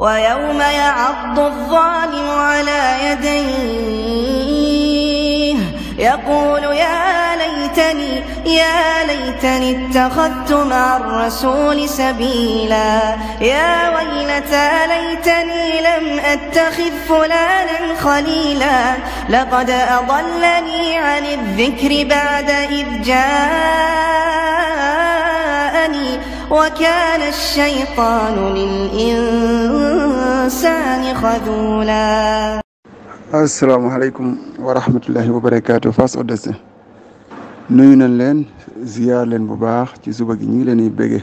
ويوم يعض الظالم على يديه يقول يا ليتني يا ليتني اتخذت مع الرسول سبيلا يا ويلتى ليتني لم اتخذ فلانا خليلا لقد اضلني عن الذكر بعد اذ جاء وكان الشيطان للإنسان خذولا السلام عليكم ورحمة الله وبركاته فاس أدسة nuyu nañ leen ziyaar leen bu baax ci suba gi ñu ngi leen di bége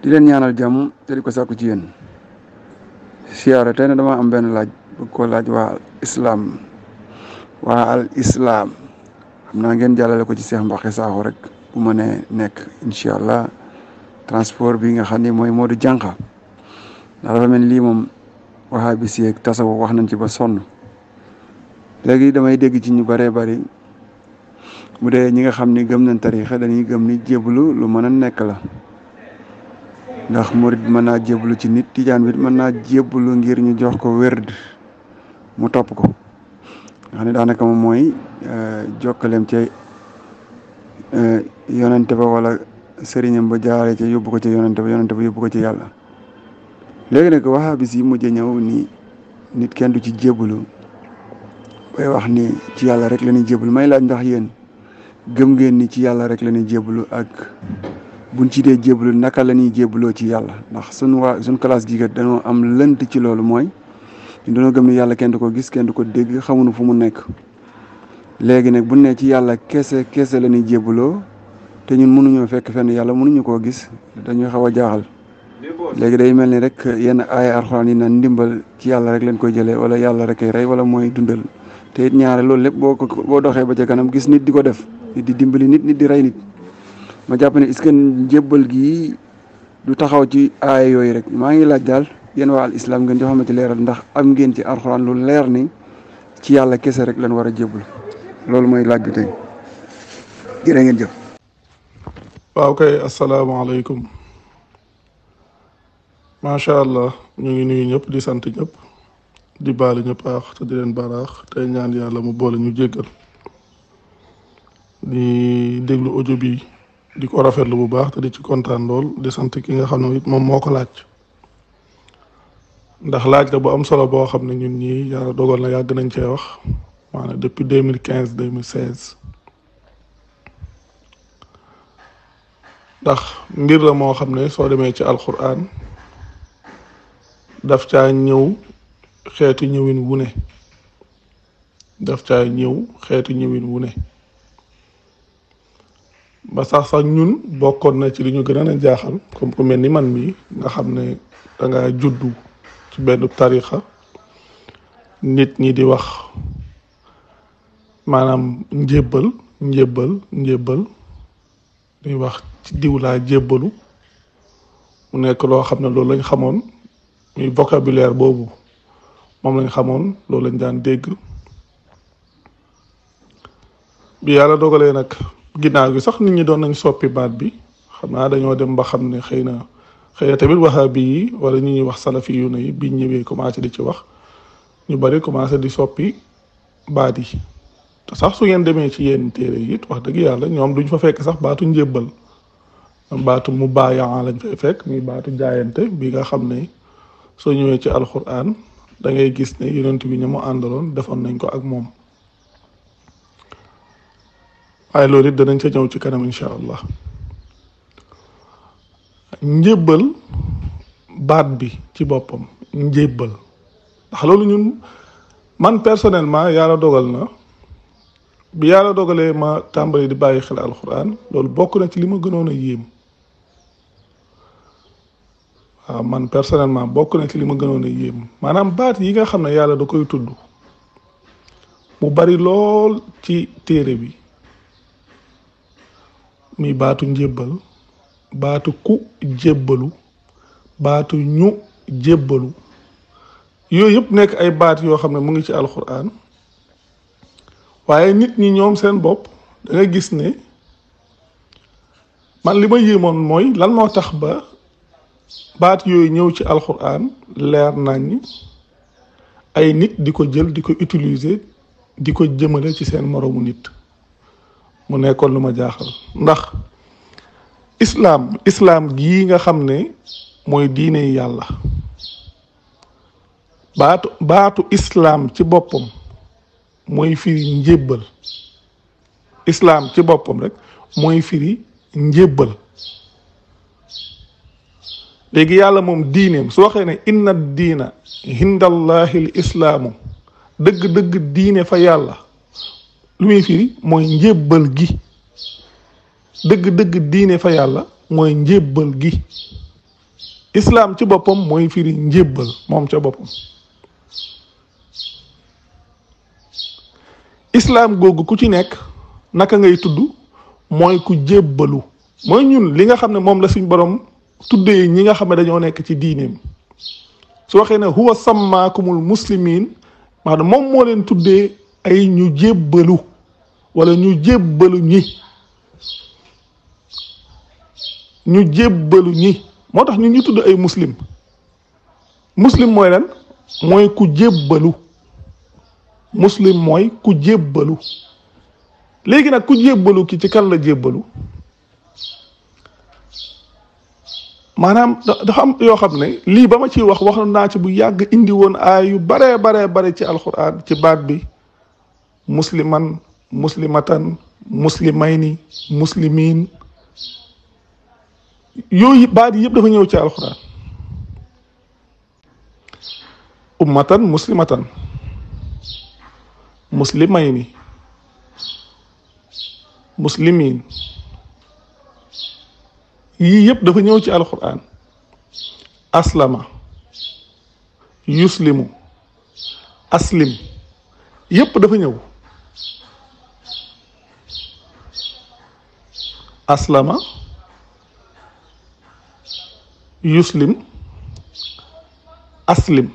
di leen ñaanal jàmm te di ko sàkku ci yéen siyaara tey na dama am benn laaj bëgg koo laaj waa islaam waa al islaam xam naa ngeen jàllale ko ci Seex Mbakke Saaxo rek bu ma nee nekk incha allah transport bi nga xam moy mooy Modou Diankha ndax dafa mel li mom wahabi si ak tasawu wax nañ ci ba son léegi damay deg ci ñu bare bare bu de ñi nga xam gëm nañ tariixa dañuy gëm ni jeblu lu mëna nek la ndax mourid mëna jeblu ci nit tidiane bi mëna jeblu ngir ñu jox ko werd mu top ko nga da naka euh, jokalem ci euh, yonante ba wala sëriñam ba jaaree ci yóbbu ko ci yonente ba yonente yóbbu ko ci yàlla léegi nag wahabis yi mujj ñëw ni nit kenn du ci jébbalu bay wax ni ci yàlla rek la ñuy jébbalu may laaj ndax yéen gëm ngeen ni ci yàlla rek la ñuy ak buñ ci dee jébbalu naka la jébbaloo ci yàlla ndax suñ waa suñ classe gi kat dañoo am lënt ci loolu mooy ñu gëm yàlla kenn du ko gis kenn du ko dégg xamuñu fu mu nekk léegi nag buñ ne ci yàlla kese kese la ñuy jébbaloo te ñun mënuñoo fekk fenn yàlla mënuñu koo gis dañuy xaw a jaaxal léegi day mel ni rek yenn ay arxan yi naan ndimbal ci yàlla rek leen koy jëlee wala yàlla rek rey wala mooy dundal te it ñaare loolu lépp boo ko boo doxee ba ca kanam gis nit di ko def nit di dimbali nit nit di rey nit ma jàpp ne est-ce gi du taxaw ci yooyu rek maa ngi laaj daal yéen waa islam ngeen joxama ci leeral ndax am ngeen ci arxan lu leer ni ci yàlla kese rek lañ war a jébbal loolu laaj bi tey jërë ngeen jëf waaw kay asalaamaaleykum macha allah ñu ngi nuyu ñëpp di sant ñëpp di baal ñëpp aax te di leen baraax tey ñaan yàlla mu boole ñu jéggal di déglu audio bi di ko rafetlu bu baax te di ci kontaan lool di sant ki nga xam ne moom moo ko laaj ndax laaj la bu am solo boo xam ne ñun ñii yàlla dogal na yàgg nañ cee wax maanaam depuis deux mille quinze deux mille seize ndax mbir la moo xam ne soo demee ci alxuraan daf caa ñëw xeeti ñëwin wu ne daf caa ñëw xeetu ñëwin wu ne ba sax sax ñun bokkoon na ci li ñu gën na jaaxal comme ku mel ni man mi nga xam ne danga juddu ci benn tarixa nit ñi di wax maanaam njébbal njëbal njébbal di wax ci diw laa jébbalu mu nekk loo xam ne loolu lañ xamoon muy vocabulaire boobu moom lañ xamoon loolu lañ daan dégg bi yàlla dogalee nag ginnaaw bi sax nit ñi doon nañ soppi baat bi xam naa dañoo dem ba xam ne xëy na xëy na tamit wahabi yi wala ñu ñuy wax salafi yu bi yi ñëwee commencé di ci wax ñu bari commencé di soppi baat yi te sax su ngeen demee ci yenn téere yi wax dëgg yàlla ñoom duñ fa fekk sax baatuñ njébbal baatu mu baayaa lañ fekk muy baatu jaayante bi nga xam ne soo ñëwee ci alxuraan da ngay gis ne yonent bi ña mu àndaloon defoon nañ ko ak moom waaye loolu it danañ ca ci kanam incha allah njébbal baat bi ci boppam njébbal ndax loolu ñun man personnellement yàlla dogal na bi yàlla dogalee ma tàmbali di bàyyi xel alxuraan loolu bokk na ci li ma gënoon a yéem waaw ah, man personnellement bokk na ci li ma gënoon a yéem maanaam baat yi nga xam ne yàlla da koy tudd mu bari lool ci téere bi muy baatu njébbal baatu ku jébbalu baatu ñu jébbalu yooyu yëpp nekk ay baat yoo xam ne mu ngi ci alxuraan waaye nit ñi ñoom seen bopp da gis ne man li ma yéemoon mooy lan moo tax ba baat yooyu ñëw ci alxuraan leer nañ ay nit di ko jël di ko utiliser di ko jëmale ci seen moroomu nit mu nekkoon lu ma jaaxal ndax islaam islaam gii nga xam ne mooy diine yàlla baatu baatu islaam ci boppam mooy firi njébbal islaam ci boppam rek mooy firi njébbal léegi yàlla moom diineem su waxee ne inna diina hindallahi l islaamu dëgg-dëgg diine fa yàlla lu muy firi mooy njébbal gi dëgg-dëgg diine fa yàlla mooy njébbal gi islaam ci boppam mooy firi njébbal moom ca boppam islaam googu ku ci nekk naka ngay tudd mooy ku jébbalu mooy ñun li nga xam ne moom la suñ borom tuddee ñi nga xam dañoo nekk ci diineem su waxee ne huwa sammaakumul muslimin maanaam moom moo leen tuddee ay ñu jébbalu walla ñu jébbalu ñi ñu jébbalu ñi moo tax ñu ñu tudd ay muslim muslim mooy lan mooy ku jébbalu muslim mooy ku jébbalu léegi nag ku jébbalu ki ci kan la jébbalu maanaam dafa am yoo xam ne lii ba ma ci wax waxoon naa ci bu yàgg indi woon aay yu baree baree bare ci alquran ci baat bi musliman muslimatan muslimayni muslimin yooyu baat yëpp dafa ñëw ci alquran ummatan muslimatan muslimayni muslimin yii yëpp dafa ñëw ci alquran aslama yuslimu aslim yépp dafa ñëw aslama yuslim aslim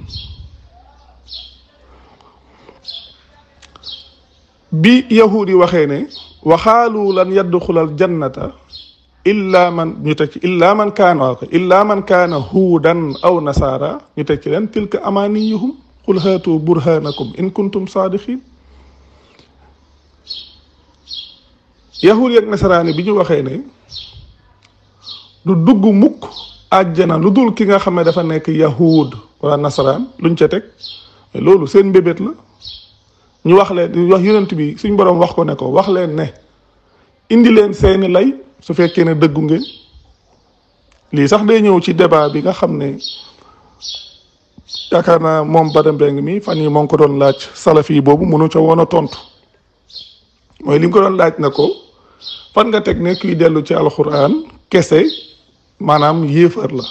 bi yahudi waxee ne waxaalu lan yadxulal jannata illa man ñu teg ci illa man kaana illa man kaana huudan aw nasaara ñu teg ci leen tilka amaaniyuhum qul haatu burhanakum in kuntum saadiqin yahud yeeg nasaraani bi ñu waxee ne du dugg mukk àjjana lu dul ki nga xam ne dafa nekk yahud wala nasaraan luñ ca teg loolu seen mbébét la ñu wax leen wax yonent bi suñ borom wax ko ne ko wax leen ne indi leen seeni lay su fekkee ne dëggu ngeen lii sax day ñëw ci débat bi nga xam ne yaakaar naa moom mi fan yi moo ko doon laaj salafi boobu mënu ca woon a tontu mooy li ko doon laaj na ko fan nga teg ne kuy dellu ci alxuraan kese maanaam yéefar la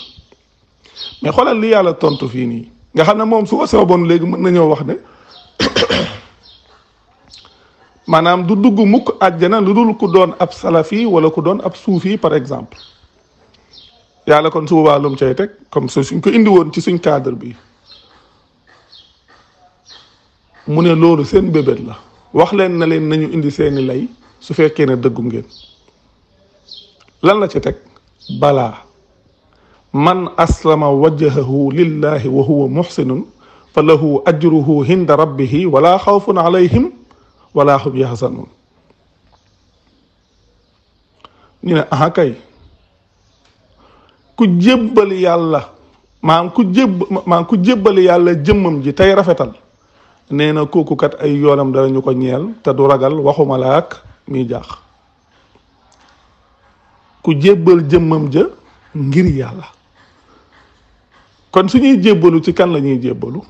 mais xoolal li yàlla tontu fii nii nga xam ne moom su ko bon léegi mën nañoo wax ne. manam du dugg mukk aljana ludul ku doon ab salafi wala ku doon ab soufi par exemple yàlla kon su lum cey tek comme ça suñ ko indi won ci suñ cadre bi mune lolu sen bébét la wax len na len nañu indi seeni lay su fekke ne dëggu ngeen lan la ci tek bala man aslama wajhahu lillahi wa huwa muhsinun fa lahu ajruhu hinda rabbihi wala xawfun alayhim wala xub yi ñu ne aha ku jébbali yàlla maam ku jébb maam ku jébbali yàlla jëmmam ji tey rafetal nee na kooku ay yoonam dana ñu ko ñeel te du ragal waxuma la ak mi jaax ku jébbal jëmmam ja ngir yàlla kon su ñuy jébbalu ci kan lañuy ñuy jébbalu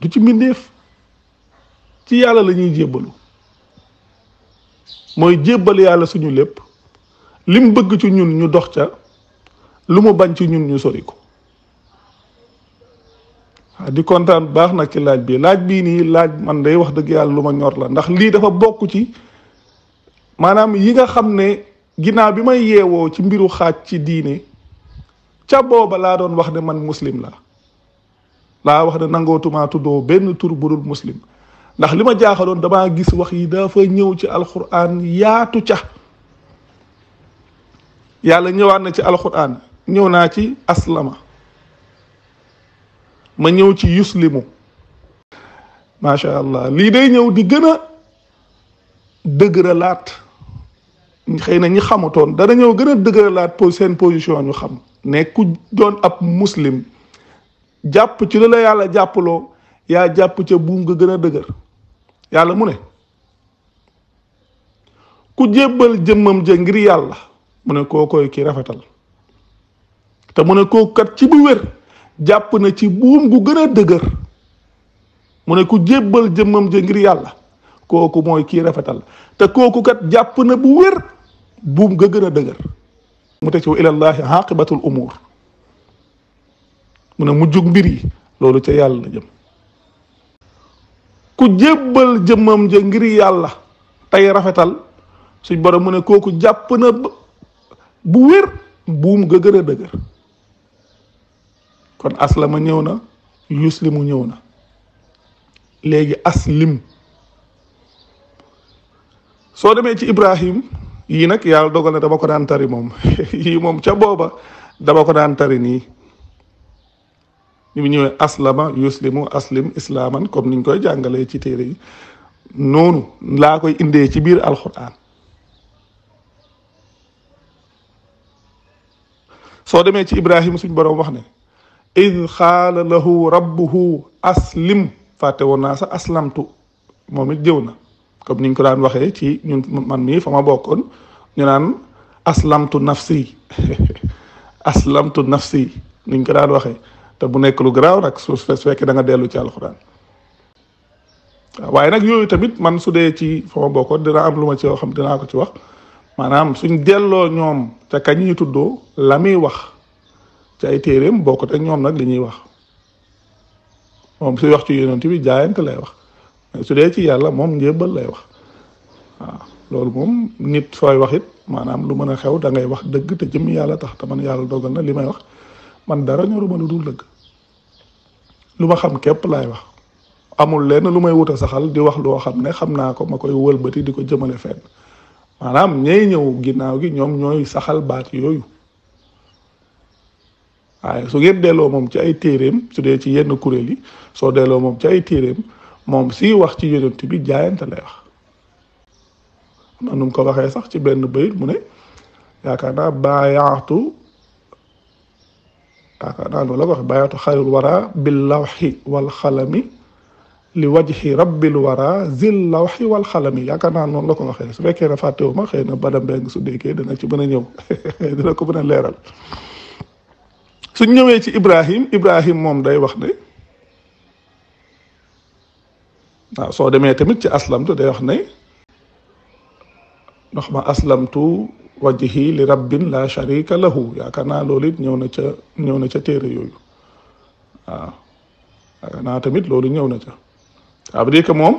du ci mbindeef ci yàlla lañuy ñuy jébbalu mooy jébbal yàlla suñu lépp lim bëgg ci ñun ñu dox ca lu mu bañ ci ñun ñu sori ko di kontaan baax na ci laaj bi laaj bii nii laaj man day wax dëgg yàlla lu ma ñor la ndax lii dafa bokk ci maanaam yi nga xam ne ginnaaw bi may yeewoo ci mbiru xaaj ci diine ca booba laa doon wax ne man muslim la laa wax ne nangootuma tuddoo benn tur budul muslim ndax li ma jaaxaloon damaa gis wax yi dafa ñëw ci alquran yaatu ca yàlla ñëwaat na ci alquran ñëw naa ci aslama ma ñëw ci yuslimu macha allah lii day ñëw di gën a dëgëralaat xëy na ñi xamatoon dana ñëw gën a dëgëralaat pour seen position ñu xam ne ku doon ab muslim jàpp ci lu yàlla jàppaloo yaa jàpp ca buum nga gën a dëgër yàlla mu ne ku jébbal jëmmam ja yàlla mu ne koo koy ki rafetal te mu ne kooku kat ci bu wér jàpp na ci buum gu gën a dëgër mu ne ku jébbal jëmmam ja ngir yàlla kooku mooy kii rafetal te kooku kat jàpp na bu wér buum nga gën a dëgër mu teg ci wa ilallahi aqibatul umur mu ne mujjug mbir yi loolu ca yàlla na jëm ku jébbal jëmmam ja ngir yàlla tey rafetal suñ borom mu ne kooku jàpp na bu wér buum ga gën a dëgër kon ma ñëw na mu ñëw na léegi as lim soo demee ci ibrahim yii nag yàlla dogal na dama ko daan tari moom yii moom ca booba dama ko daan tari nii ni mu ñëwee aslama yuslimu aslim islaaman comme niñ koy jàngalee ci téere yi noonu laa koy inde ci biir alxuraan soo demee ci ibrahima suñ boroom wax ne id xaala lahu rabbuhu aslim fàtte woon naa sa aslamtu moomi it jëw na comme niñ ko daan waxee ci ñun man mii fa ma bokkoon ñu naan aslamtu nafsi aslamtu nafsi niñ ko daan waxee te bu nek lu graw nak su fek da nga delu ci alxuraan waye nak yoyu tamit man su dee ci fama boko dina am luma ci xam dina ko ci wax manam suñ delo ñom ca kañ ñuy tuddo la wax ci ay téeréem boko ak ñom nak li wax mom su wax ci yonent bi jaayent lay wax su dee ci yalla mom lay wax mom nit soy waxit manam lu meuna xew da ngay wax deug te jëm yalla tax te man yalla dogal na limay wax man dara lu dul deug lu ma xam képp laay wax amul lenn lu may wuta saxal di wax loo xam ne xam naa ko ma koy wëlbati di ko jëmale fenn maanaam ñay ñëw ginnaaw gi ñoom ñooy saxal baat yooyu waaye su ngeen delloo moom ci ay téeréem su dee ci yenn kuréel yi soo delloo moom ci ay téeréem moom si wax ci yonent bi jaayante lay wax am na nu ko waxee sax ci benn bayit mu ne yaakaar naa baayaatu yaakaar naa loolu la wax bayaatu xayrul wara bil lawxi wal xalami li wajhi rabbil wara zil lawxi wal xalami yaakaar naa noonu la ko waxee su fekkee ne fàttewu ma xëy na bada mbeng su déggee dana ci mën a ñëw dina ko mën a leeral su ñëwee ci ibrahim ibrahim moom day wax ne waaw soo demee tamit ci aslamtu day wax ne ndax ma aslamtu wajhi li rabbin la sharika lahu yaakaar naa loolu it ñëw na ca ñëw na ca téere yooyu waaw yaakaar naa tamit loolu ñëw na ca ça veut dire que moom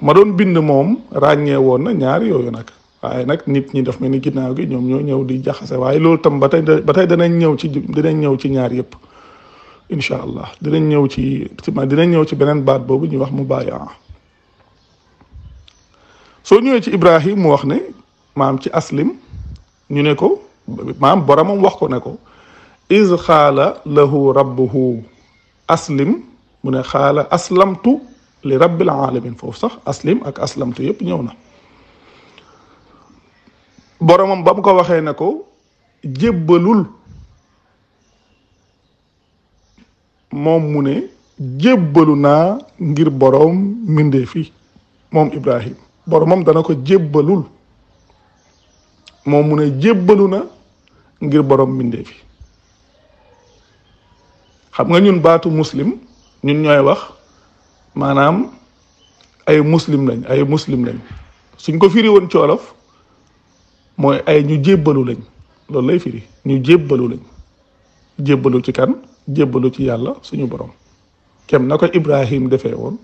ma doon bind moom ràññee woon na ñaar yooyu nag waaye nag nit ñi daf mel ni ginnaaw gi ñoom ñoo ñëw di jaxase waaye loolu tam ba tey ba tey danañ ñëw ci dinañ ñëw ci ñaar yëpp incha allah dinañ ñëw ci dinañ ñëw ci beneen baat boobu ñuy wax mu bàyyi soo ñëwee ci Ibrahim mu wax ne maam ci aslim ñu ne ko maam boromam wax ko ne ko iz xaala lahu rabbuhu aslim mu ne xaala aslamtu li rabbil alamin foofu sax aslim ak aslamtu yépp ñëw na boromam ba mu ko waxee ne ko jébbalul moom mu ne jébbalu naa ngir borom mbindee fi moom Ibrahim boromam dana ko jébbalul moom mu ne jébbalu na ngir borom mbindee fi xam nga ñun baatu muslim ñun ñooy wax maanaam ay muslim lañ ay muslim lañ suñ ko firi woon ci wolof mooy ay ñu jébbalu lañ loolu lay firi ñu jébbalu lañ jébbalu ci kan jébbalu ci yàlla suñu borom kem na ko Ibrahim defee woon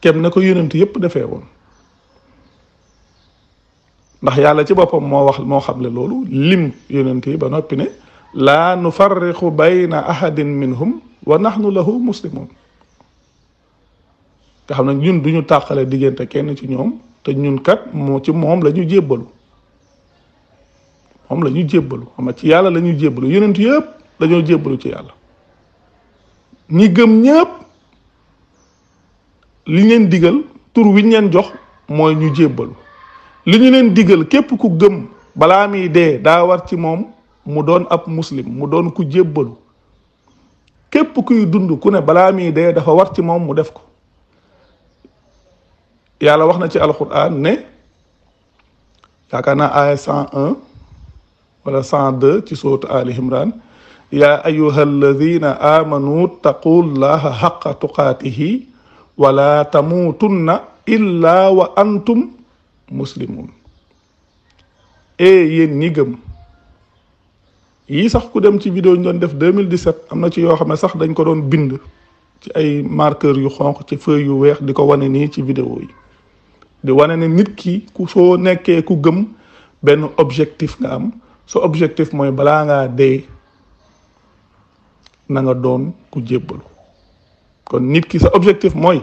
kem na ko yonent yépp defee woon ndax yàlla ci bopam mo wax mo xam le loolu lim yonent ba nopi ne la nufarriqu bayna ahadin minhum wa nahnu lahu muslimun nga xamna ñun duñu takale diggante kenn ci ñoom te ñun kat mo ci mom lañu jébalu mom lañu jébalu ñu ci yàlla lañu jébalu jébbalu yonent yëpp dañoo jébbalu ci yàlla ñi gëm ñëpp li ngeen digal tur wiñ ñu jox moy ñu jébalu li ñu leen digal képp ku gëm balaa mii dee daa war ci moom mu doon ab muslim mu doon ku jébbalu képp kuy dund ku ne balaa mii dee dafa war ci moom mu def ko yàlla wax na ci alquran ne yaakaar naa aaya 101 wala ci sootu ali imran yaa ayuha alladina amanu taqullaha xaqa tuqaatihi wala tamuutunna illa wa antum muslimun e yéen ni gëm yii sax ku dem ci vidéo ñu doon def 2017 am na ci yoo xam ne sax dañ ko doon bind ci ay marqueur yu xonq ci feuille yu weex di ko wane nii ci vidéo yi di wane ne nit ki ku soo nekkee ku gëm benn objectif nga am sa objectif mooy balaa ngaa dee na nga doon ku jébbalu kon nit ki sa objectif mooy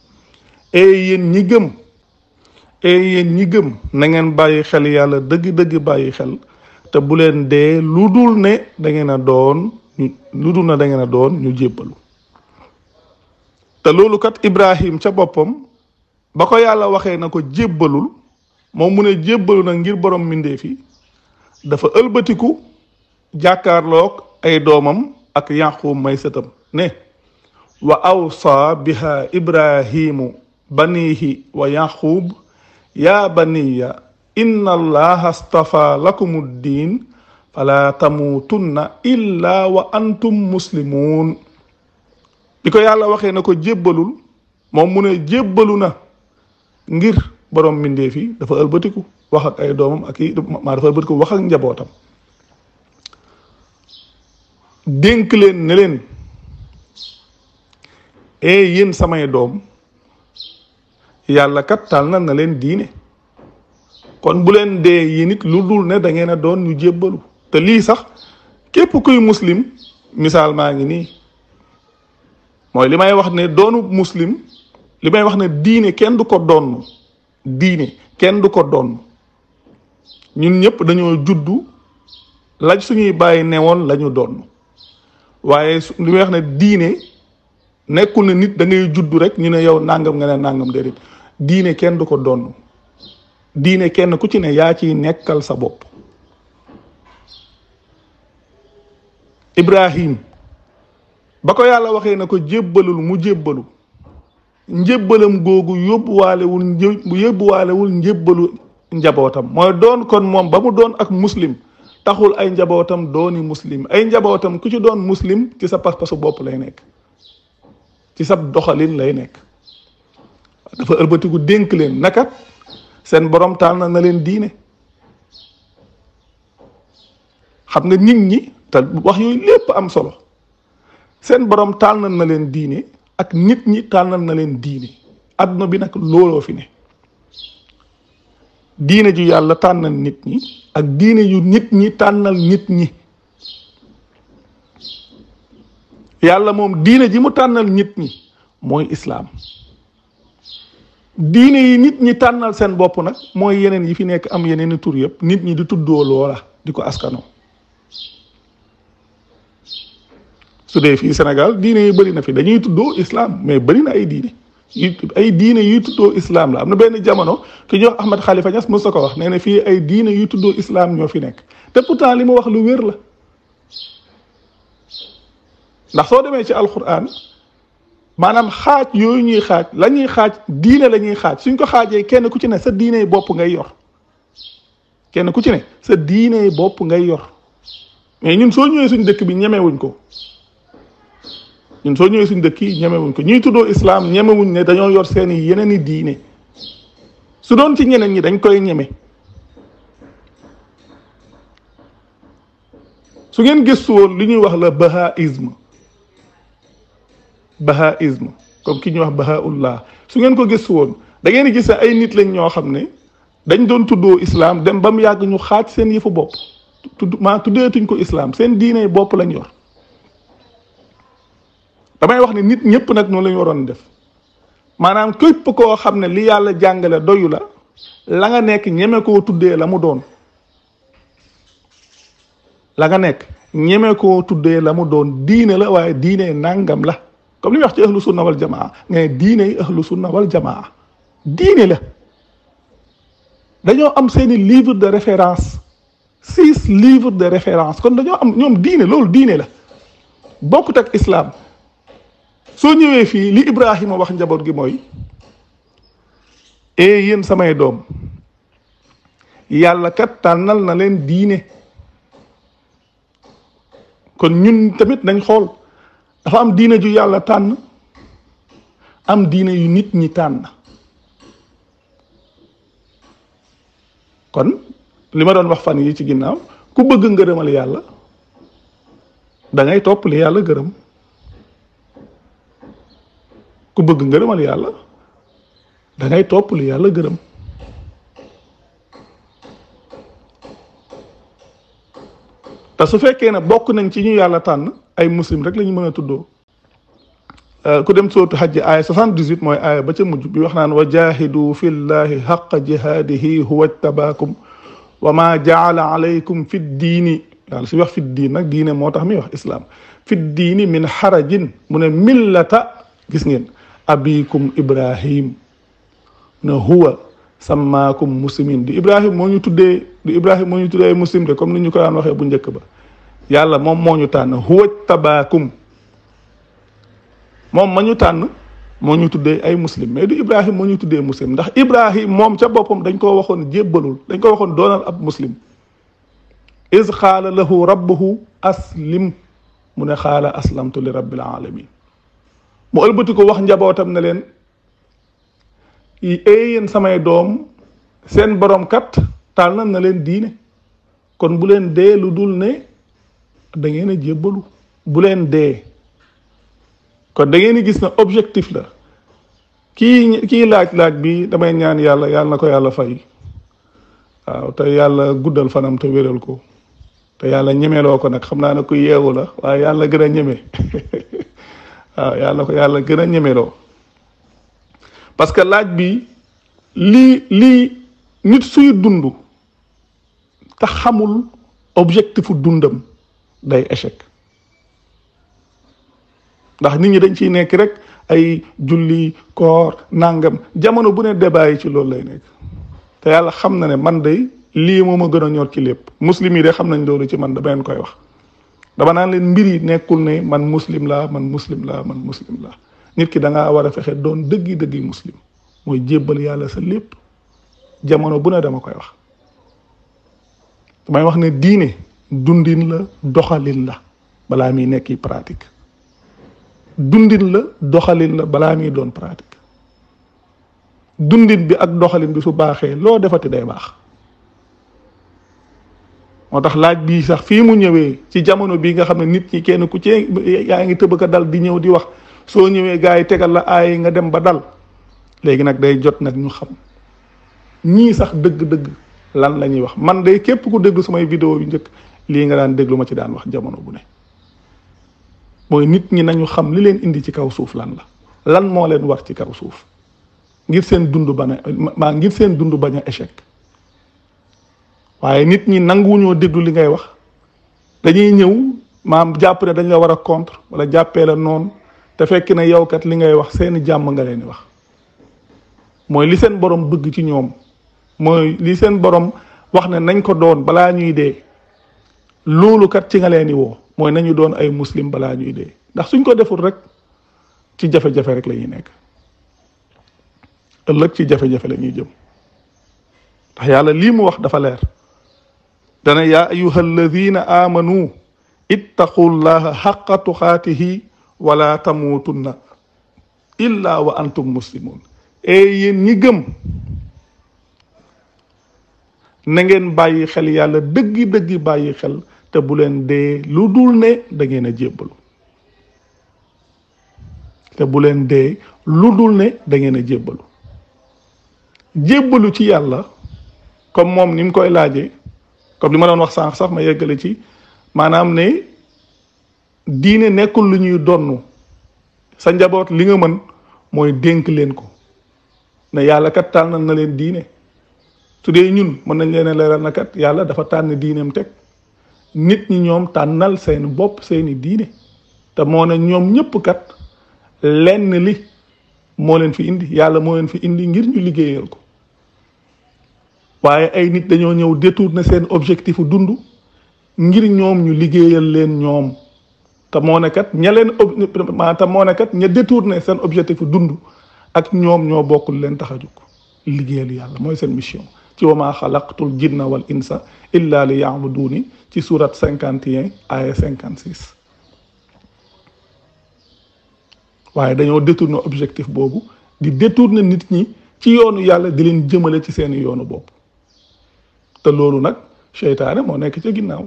ee eh, yéen ñi gëm ee eh, yéen ñi gëm na ngeen bàyyi xel yàlla dëgg-dëgg bàyyi xel te bu leen dee lu dul ne dangeen a doon lu dul ne da a doon ñu jébbalu te loolu kat Ibrahim ca boppam ba ko yàlla waxee na ko jébbalul moom mu ne jébbalu nag ngir borom mbindeef yi dafa ëlbatiku jàkkaarloog ay doomam ak yànqu may sëtam ne wa awsa biha ibrahimu banihi wa yaqub yaa baniya inna allaha astafa lakum ddiin fala tamuutunna illa wa antum muslimuun bi ko yàlla waxee na ko jébbalul moom mu ne na ngir borom mbindeef dafa ëlbatiku wax ak ay doomam ak i dafa ëlbatiku wax njabootam dénk leen ne leen ee yéen samay doom yàlla kat tànnal na leen diine kon bu leen dee yi nit lu dul ne dangeen a doon ñu jébbalu te lii sax képp kuy muslim misaal maa ngi nii mooy li may wax ne doonu muslim li may wax ne diine kenn du ko doon diine kenn du ko doon ñun ñëpp dañoo juddu laj suñuy bàyyi newoon lañu ñu doon waaye li may wax ne diine nekkul na nit dangay juddu rek ñu ne yow nàngam nga ne nangam déedéet diine kenn du ko donn diine kenn ku ci ne yaa ciy nekkal sa bopp Ibrahim ba ko yàlla waxee na ko jébbalul mu jébbalu njébbalam googu yóbbuwaalewul yóbbuwaalewul njébbalu njabootam mooy doon kon moom ba mu doon ak muslim taxul ay njabootam dooni muslim ay njabootam ku ci doon muslim ci sa pas-pasu bopp lay nekk ci sa doxalin lay nekk dafa ëlbatiku dénk leen nakat seen borom taal na na leen diine xam nga nit ñi te wax yooyu lépp am solo seen borom taal na leen diine ak nit ñi taal na na leen diine àdduna bi nag looloo fi ne diine ju yàlla tànnal nit ñi ak diine yu nit ñi tànnal nit ñi yàlla moom diine ji mu tànnal nit ñi mooy islaam diine yi nit ñi tànnal seen bopp nag mooy yeneen yi fi nekk am yeneen i tur yépp nit ñi di tuddoo loola di ko askanoo su dee fii senegal diine yi bëri na fi dañuy tuddoo islam mais bëri na ay diine ay diine yuy tuddoo islam la am na benn jamono ki ñuy wax Ahmed Khalifa Niass mos a ko wax nee na fii ay diine yuy tuddoo islam ñoo fi nekk te pourtant li mu wax lu wér la ndax soo demee ci alquran. maanaam xaaj yooyu ñuy xaaj la ñuy xaaj diine la ñuy xaaj suñ ko xaajee kenn ku ci ne sa diine bopp ngay yor kenn ku ci ne sa diine bopp ngay yor mais ñun soo ñëwee suñ dëkk bi ñemewuñ ko ñun soo ñëwee suñ dëkk yi ñemewuñ ko ñuy tuddoo islaam ñemewuñ ne dañoo yor seen i yeneen i diine su doon ci ñeneen ñi dañ koy ñeme su ngeen gëstu woon li ñuy wax la bahaïsme bahaïsme comme ki ñuy wax bahaullah su ngeen ko gëstu woon da ngeen gis ay nit lañ ñoo xam ne dañ doon tuddoo islaam dem ba mu yàgg ñu xaaj seen yëfu bopp tudd maa tuddee tuñ ko islaam seen diine bopp lañ yor damay wax ne nit ñëpp nag noonu lañu ñu waroon def maanaam képp koo xam ne li yàlla jàngale doyu la la nga nekk ñeme koo tuddee la mu doon la nga nekk ñeme koo tuddee la mu doon diine la waaye diine nangam la. comme li muy wax ci ahlu sunna wal jamaa nga ne diine yi ahlu sunna wal jamaa diine la dañoo am seeni livre de référence six livres de référence kon dañoo am ñoom diine loolu diine la bokkut ak islam soo ñëwee fii li ibrahima wax njaboot gi mooy ee yéen samay doom yàlla kat tànnal na leen diine kon ñun tamit nañ xool dafa am diina ju yàlla tànn am diina yu nit ñi tànn kon li ma doon wax fan yi ci ginnaaw ku bëgg ngërëmal yàlla dangay topp li yàlla gërëm ku bëgg ngërëmal yàlla dangay topp li yàlla gërëm te su fekkee ne bokk nañ ci ñu yàlla tànn ay muslim rek lañu mëna tuddo ku dem sootu hajj ay 78 moy ay ba ca mujj bi wax naan wajahidu fillahi haqq jihadihi huwa tabaakum wama jaala alaykum fid din dal si wax fid din nak diine motax mi wax islam fid din min harajin mun millata gis ngeen abikum ibrahim na huwa sammaakum muslimin di ibrahim moñu tuddé di ibrahim moñu tuddé muslim de comme niñu ko daan waxé bu njëkk ba يالا موم مو نيو تان هو تباكم موم ما نيو تان مو نيو تودي اي مسلم مي دو ابراهيم مو نيو تودي مسلم داخ ابراهيم موم تا بوبم دنج كو واخون جيبلول دنج كو واخون دونال اب مسلم اذ قال له ربه اسلم من خال اسلمت لرب العالمين مو البتي كو واخ نجابوتام نلين اي اين سماي دوم سين بروم كات تالنا نلين دين كون بولين دي لودول ني dangeen a jébbalu bu leen dee kon da ngeen gis na objectif la kii kii laaj-laaj bi damay ñaan yàlla yàlla na ko yàlla fay waaw te yàlla guddal fanam te wéral ko te yàlla ñemeloo ko nag xam naa ne ku yeewu la waaye yàlla gën a ñeme waaw yàlla ko yàlla gën a ñemeloo parce que laaj bi lii lii nit suy dund te xamul objectifu dundam day échec ndax nit ñi dañ ciy nekk rek ay julli koor nangam jamono bu ne débat yi ci loolu lay nekk te yàlla xam na ne man day lii moom a gën a ñor ci lépp muslim yi de xam nañ loolu ci man dama koy wax dama naan leen mbir yi nekkul ne man muslim laa man muslim laa man muslim laa nit ki da ngaa war a fexe doon dëggi dëggi muslim mooy jébbal yàlla sa lépp jamono bu ne dema koy wax damay wax ne diine dundin la doxalin la balaa muy nekki pratique dundin la doxalin la balaa muy doon pratique dundin bi ak doxalin bi su baaxee loo defati day baax moo tax laaj bii sax fii mu ñëwee ci jamono bii nga xam ne nit ñi kenn ku cee yaa ngi tëbëk a dal di ñëw di wax soo ñëwee gaa yi tegal la aay nga dem ba dal léegi nag day jot nag ñu xam ñii sax dëgg-dëgg lan la ñuy wax man day képp ku dëgg sumay vidéo yu njëkk lii nga daan déglu ma ci daan wax jamono bu ne mooy nit ñi nañu xam li leen indi ci kaw suuf lan la lan moo leen war ci kaw suuf ngir seen dund bañ a maa ngir seen dund bañ a échec waaye nit ñi nanguwuñoo déglu li ngay wax dañuy ñëw maam jàpp ne dañ la war a contre wala jàppee la noon te fekk ne yow kat li ngay wax seeni jàmm nga leen wax mooy li seen borom bëgg ci ñoom mooy li seen borom wax ne nañ ko doon balaa ñuy dee. loolu kat ci nga leen di woo mooy nañu doon ay muslim balaa ñuy dee ndax suñ ko deful rek ci jafe-jafe rek la ñuy nekk ëllëg ci jafe-jafe la jëm ndax yàlla lii mu wax dafa leer dana yaa ayuha alladina amanu ittaqullaha xaqa tuqaatihi wala tamuutunna illa wa antum muslimun e yéen ñi gëm na ngeen bàyyi xel yàlla dëggi dëggi bàyyi xel te bu leen dee lu dul ne da ngeen a jébbalu te bu leen dee lu dul ne da ngeen a jébbalu jébbalu ci yàlla comme moom ni mu koy laajee comme li ma doon wax sànq sax ma yeggale ci maanaam ne diine nekkul lu ñuy donn sa njaboot li nga mën mooy dénk leen ko ne yàlla kat tànnal na leen diine su dee ñun mën nañ leen a leeral na kat yàlla dafa tànn diineem teg. nit ñi ñoom tànnal seen bopp seeni diine te moo ne ñoom ñëpp kat lenn li moo leen fi indi yàlla moo leen fi indi ngir ñu liggéeyal ko waaye ay nit dañoo ñëw na seen objectifu dund ngir ñoom ñu liggéeyal leen ñoom te moo ne ña leen ma te moo ne kat ña détourner objectifu dund ak ñoom ñoo bokkul leen tax a jóg liggéeyal yàlla mooy seen mission ci wa maa xalaqtul jinna wal insa illa li ci surat 51 aya 56 waye dañoo détourner objectif boobu di détourner nit ñi ci yoonu yàlla di leen jëmale ci seen yoonu bopp te loolu nag seytaane moo nekk ca ginnaaw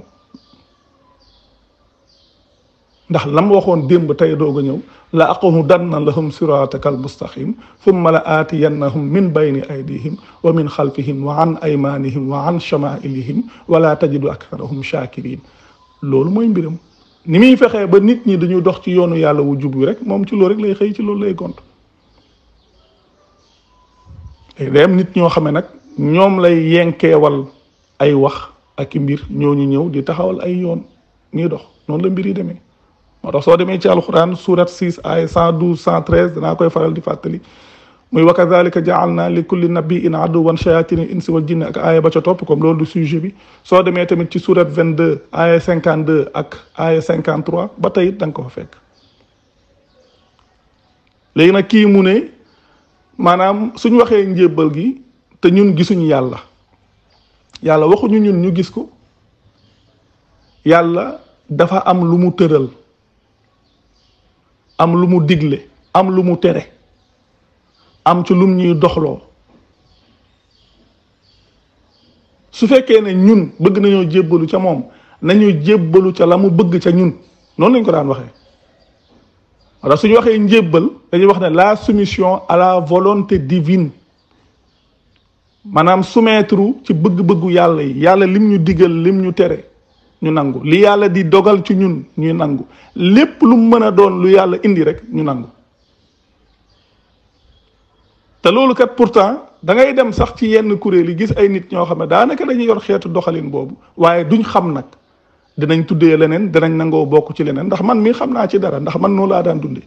ndax lam waxoon démb tey doog a ñëw la aqumu danna lahum siraataka almustaqim thumma la aatiyannahum min bayni aydihim wa min xalfihim wa an aymanihim wa an shamailihim wa la tajidu aktharahum shakirin loolu mooy mbiram ni muy fexee ba nit ñi dañu dox ci yoonu yàlla wu jub wi rek moom ci loolu rek lay xëy ci loolu lay gont ay dem nit ñoo xamee nag ñoom lay yenkeewal ay wax ak mbir ñoo ñu ñëw di taxawal ay yoon ñuy dox noonu la mbir yi demee motax so demé ci alquran surat 6 ay 112 113 dana koy faral di fatali muy wa kadhalika jaalna li kulli nabiyyin aduwan shayatin insi wal jinni ak aya ba ca top comme loolu du sujet bi so demé tamit ci surat 22 ay 52 ak ay 53 ba tay dang ko fa fekk léegi nag kii mu ne suñ waxé njébbal gi te ñun gisuñ yàlla yàlla waxuñu ñun ñu gis ko yàlla dafa am lu mu teural am lu mu digle am lu mu tere am ci lum ñuy doxloo su fekkee ne ñun bëgg nañoo jébbalu ca moom nañu jébbalu ca la mu bëgg ca ñun noonu lañ ko daan waxee wala suñu waxee njébbal dañuy wax ne la soumission à la volonté divine maanaam soumettre ci bëgg-bëggu yàlla yi yàlla lim ñu digal lim ñu tere ñu nangu li yàlla di dogal ci ñun ñuy nangu lépp lu mën a doon lu yàlla indi rek ñu nangu te loolu kat pourtant da ngay dem sax ci yenn kuréel yi gis ay nit ñoo xam ne daanaka dañuy yor xeetu doxalin boobu waaye duñ xam nag dinañ tuddee leneen dinañ nangoo bokk ci leneen ndax man mii xam naa ci dara ndax man noonu laa daan dundee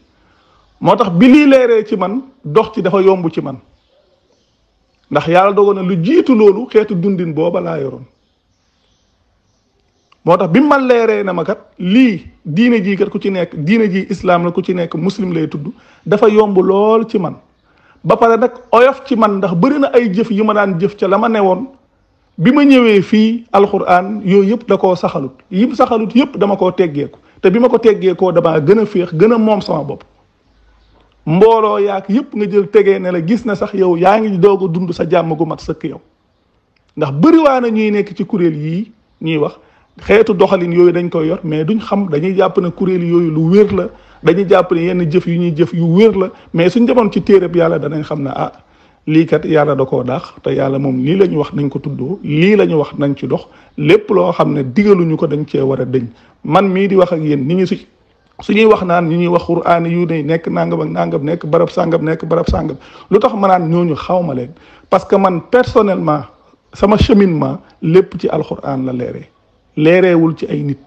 moo tax bi lii leeree ci man dox ci dafa yomb ci man ndax yàlla dogoon na lu jiitu loolu xeetu dundin booba laa yoroon. moo tax bi ma leeree na ma kat lii diine jii kat ku ci nekk diine ji islaam la ku ci nekk muslim lay tudd dafa yomb lool ci man ba pare nag oyof ci man ndax bëri na ay jëf yi ma daan jëf ca la ma newoon bi ma ñëwee fii alxuraan yooyu yëpp da koo saxalut yim saxalut yëpp dama koo teggeeku te bi ma ko teggeekoo damaa gën a féex gën a moom sama bopp mbooloo yaag yëpp nga jël tegee ne la gis na sax yow yaa ngi doog a dund sa jàmm mat sëkk ndax bëri waa na ñuy nekk ci kuréel yii ñuy wax xeetu doxalin yooyu dañ koy yor mais duñ xam dañuy jàpp ne kuréel yooyu lu wér la dañuy jàpp ne yenn jëf yu ñuy jëf yu wér la mais suñ demoon ci téereb yàlla danañ xam ne ah lii kat yàlla da koo daax te yàlla moom lii la ñu wax nañ ko tuddoo lii la ñu wax nañ ci dox lépp loo xam ne digaluñu ko dañ cee war a dëñ man mii di wax ak yéen ni ngi su suñuy wax naan ñu ñuy wax quraan yu ne nekk nangam ak nangam nekk barab sàngam nekk barab sàngam lu tax ma naan ñooñu xaw ma parce que man personnellement sama cheminement lépp ci alquran la leeree leereewul ci ay nit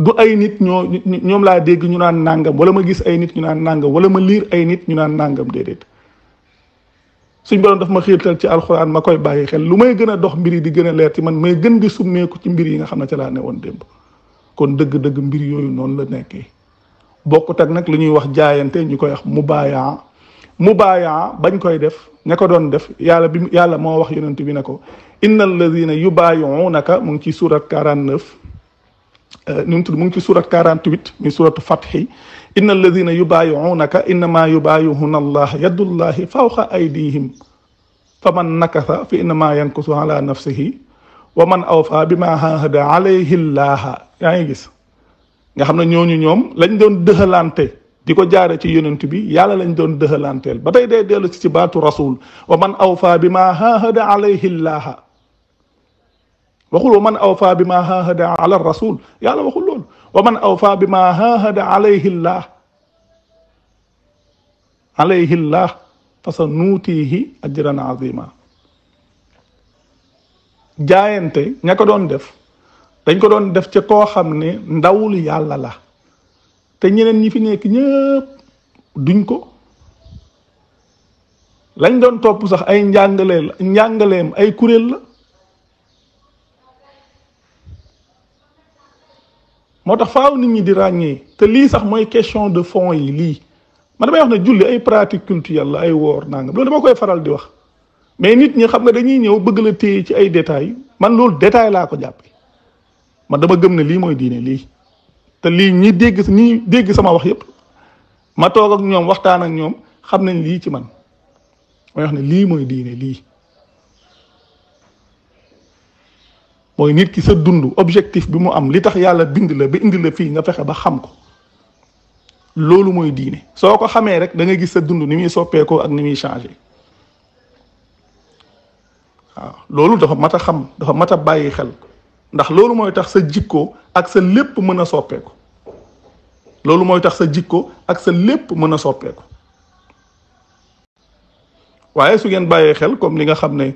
du ay nit ñoo ñoom laa dégg ñu naan nàngam wala ma gis ay nit ñu naan nàngam wala ma liir ay nit ñu naan nàngam déedéet suñ borom daf ma xiirtal ci alxuraan ma koy bàyyi xel lu may gën a dox mbir yi di gën a leer ci man may gën di summeeku ci mbir yi nga xam ne ca laa ne woon démb kon dëgg-dëgg mbir yooyu noonu la nekkee bokkut ak nag lu ñuy wax jaayante ñu koy wax mubaaya mubaaya bañ koy def نكو دون ديف يالا بيم يالا مو واخ wax بي نكو ان الذين يبايعونك من yubaayi'unaka سوره 49 nu من tudd سوره 48 من سوره fathi ان الذين يبايعونك انما يبايعون الله yadullahi الله فوق faman فمن نكث فانما ينكث على nafsihi ومن اوفى بما عهد عليه الله يعني غيس nga xamna ñoñu ñom lañ doon dëxalante di ko jaare ci yonent bi yàlla lañ doon dëxalanteel ba tey day dellu si ci baatu rasul wa man awfa bi ma haahada alayhi llaaha wa man awfa bi ma rasul yàlla waxul loolu wa man awfa bi ma haahada alayhi llaah alayhi llaah fa sa nuutiihi ajran azima jaayante ña ko doon def dañ ko doon def ci koo xam ne ndawul yàlla la te ñeneen ñi fi nekk ñëpp duñ ko lañ doon topp sax ay njàngale njàngaleem ay kuréel la moo tax faaw nit ñi di ràññee te lii sax mooy question de fond yi lii man damay wax ne julli ay pratique culturelle la ay woor nangam loolu dama koy faral di wax mais nit ñi xam nga dañuy ñëw bëgg la téye ci ay détails man loolu détail laa ko jàppe man dama gëm ne lii mooy diine lii te lii ñi dégg ñi dégg sama wax yëpp ma toog ak ñoom waxtaan ak ñoom xam nañ lii ci man mooy wax ne lii mooy diine lii mooy nit ki sa dund objectif bi mu am li tax yàlla bind la ba indi la fii nga fexe ba xam ko loolu mooy diine soo ko xamee rek da nga gis sa dund ni muy soppeekoo ak ni muy changé waaw loolu dafa mat a xam dafa mat a bàyyi xel ndax loolu mooy tax sa jikko ak sa lépp mën a soppeeku loolu mooy tax sa jikko ak sa lépp mën a soppeeku waaye su ngeen bàyyee xel comme li nga xam ne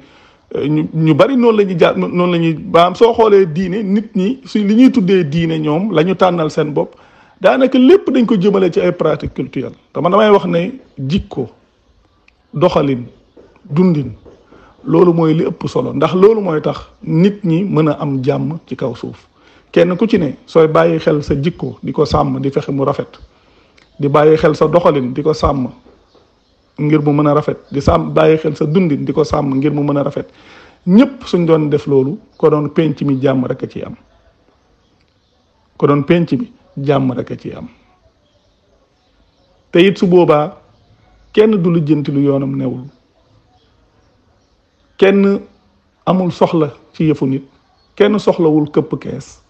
euh, ñu bari noonu lañuy ñuy jaar noonu la ñuy soo xoolee diine nit ñi si li ñuy tuddee diine ñoom la ñu tànnal seen bopp daanaka lépp dañ ko jëmale ci ay pratique culturelle dama damay wax ne jikko doxalin dundin loolu mooy li ëpp solo ndax loolu mooy tax nit ñi mën a am jàmm ci kaw suuf kenn ku ci ne sooy bàyyi xel sa jikkoo di ko sàmm di fexe mu rafet di bàyyi xel sa doxalin di ko sàmm ngir mu mën a rafet di sàmm bàyyi xel sa dundin di ko sàmm ngir mu mën a rafet ñëpp suñ doon def loolu ko doon penc mi jàmm rek a ci am ko penc jàmm rek a ciy am te su boobaa kenn du lijjanti lu yoonam newul kenn amul soxla ci yëfu nit kenn soxlawul këpp kees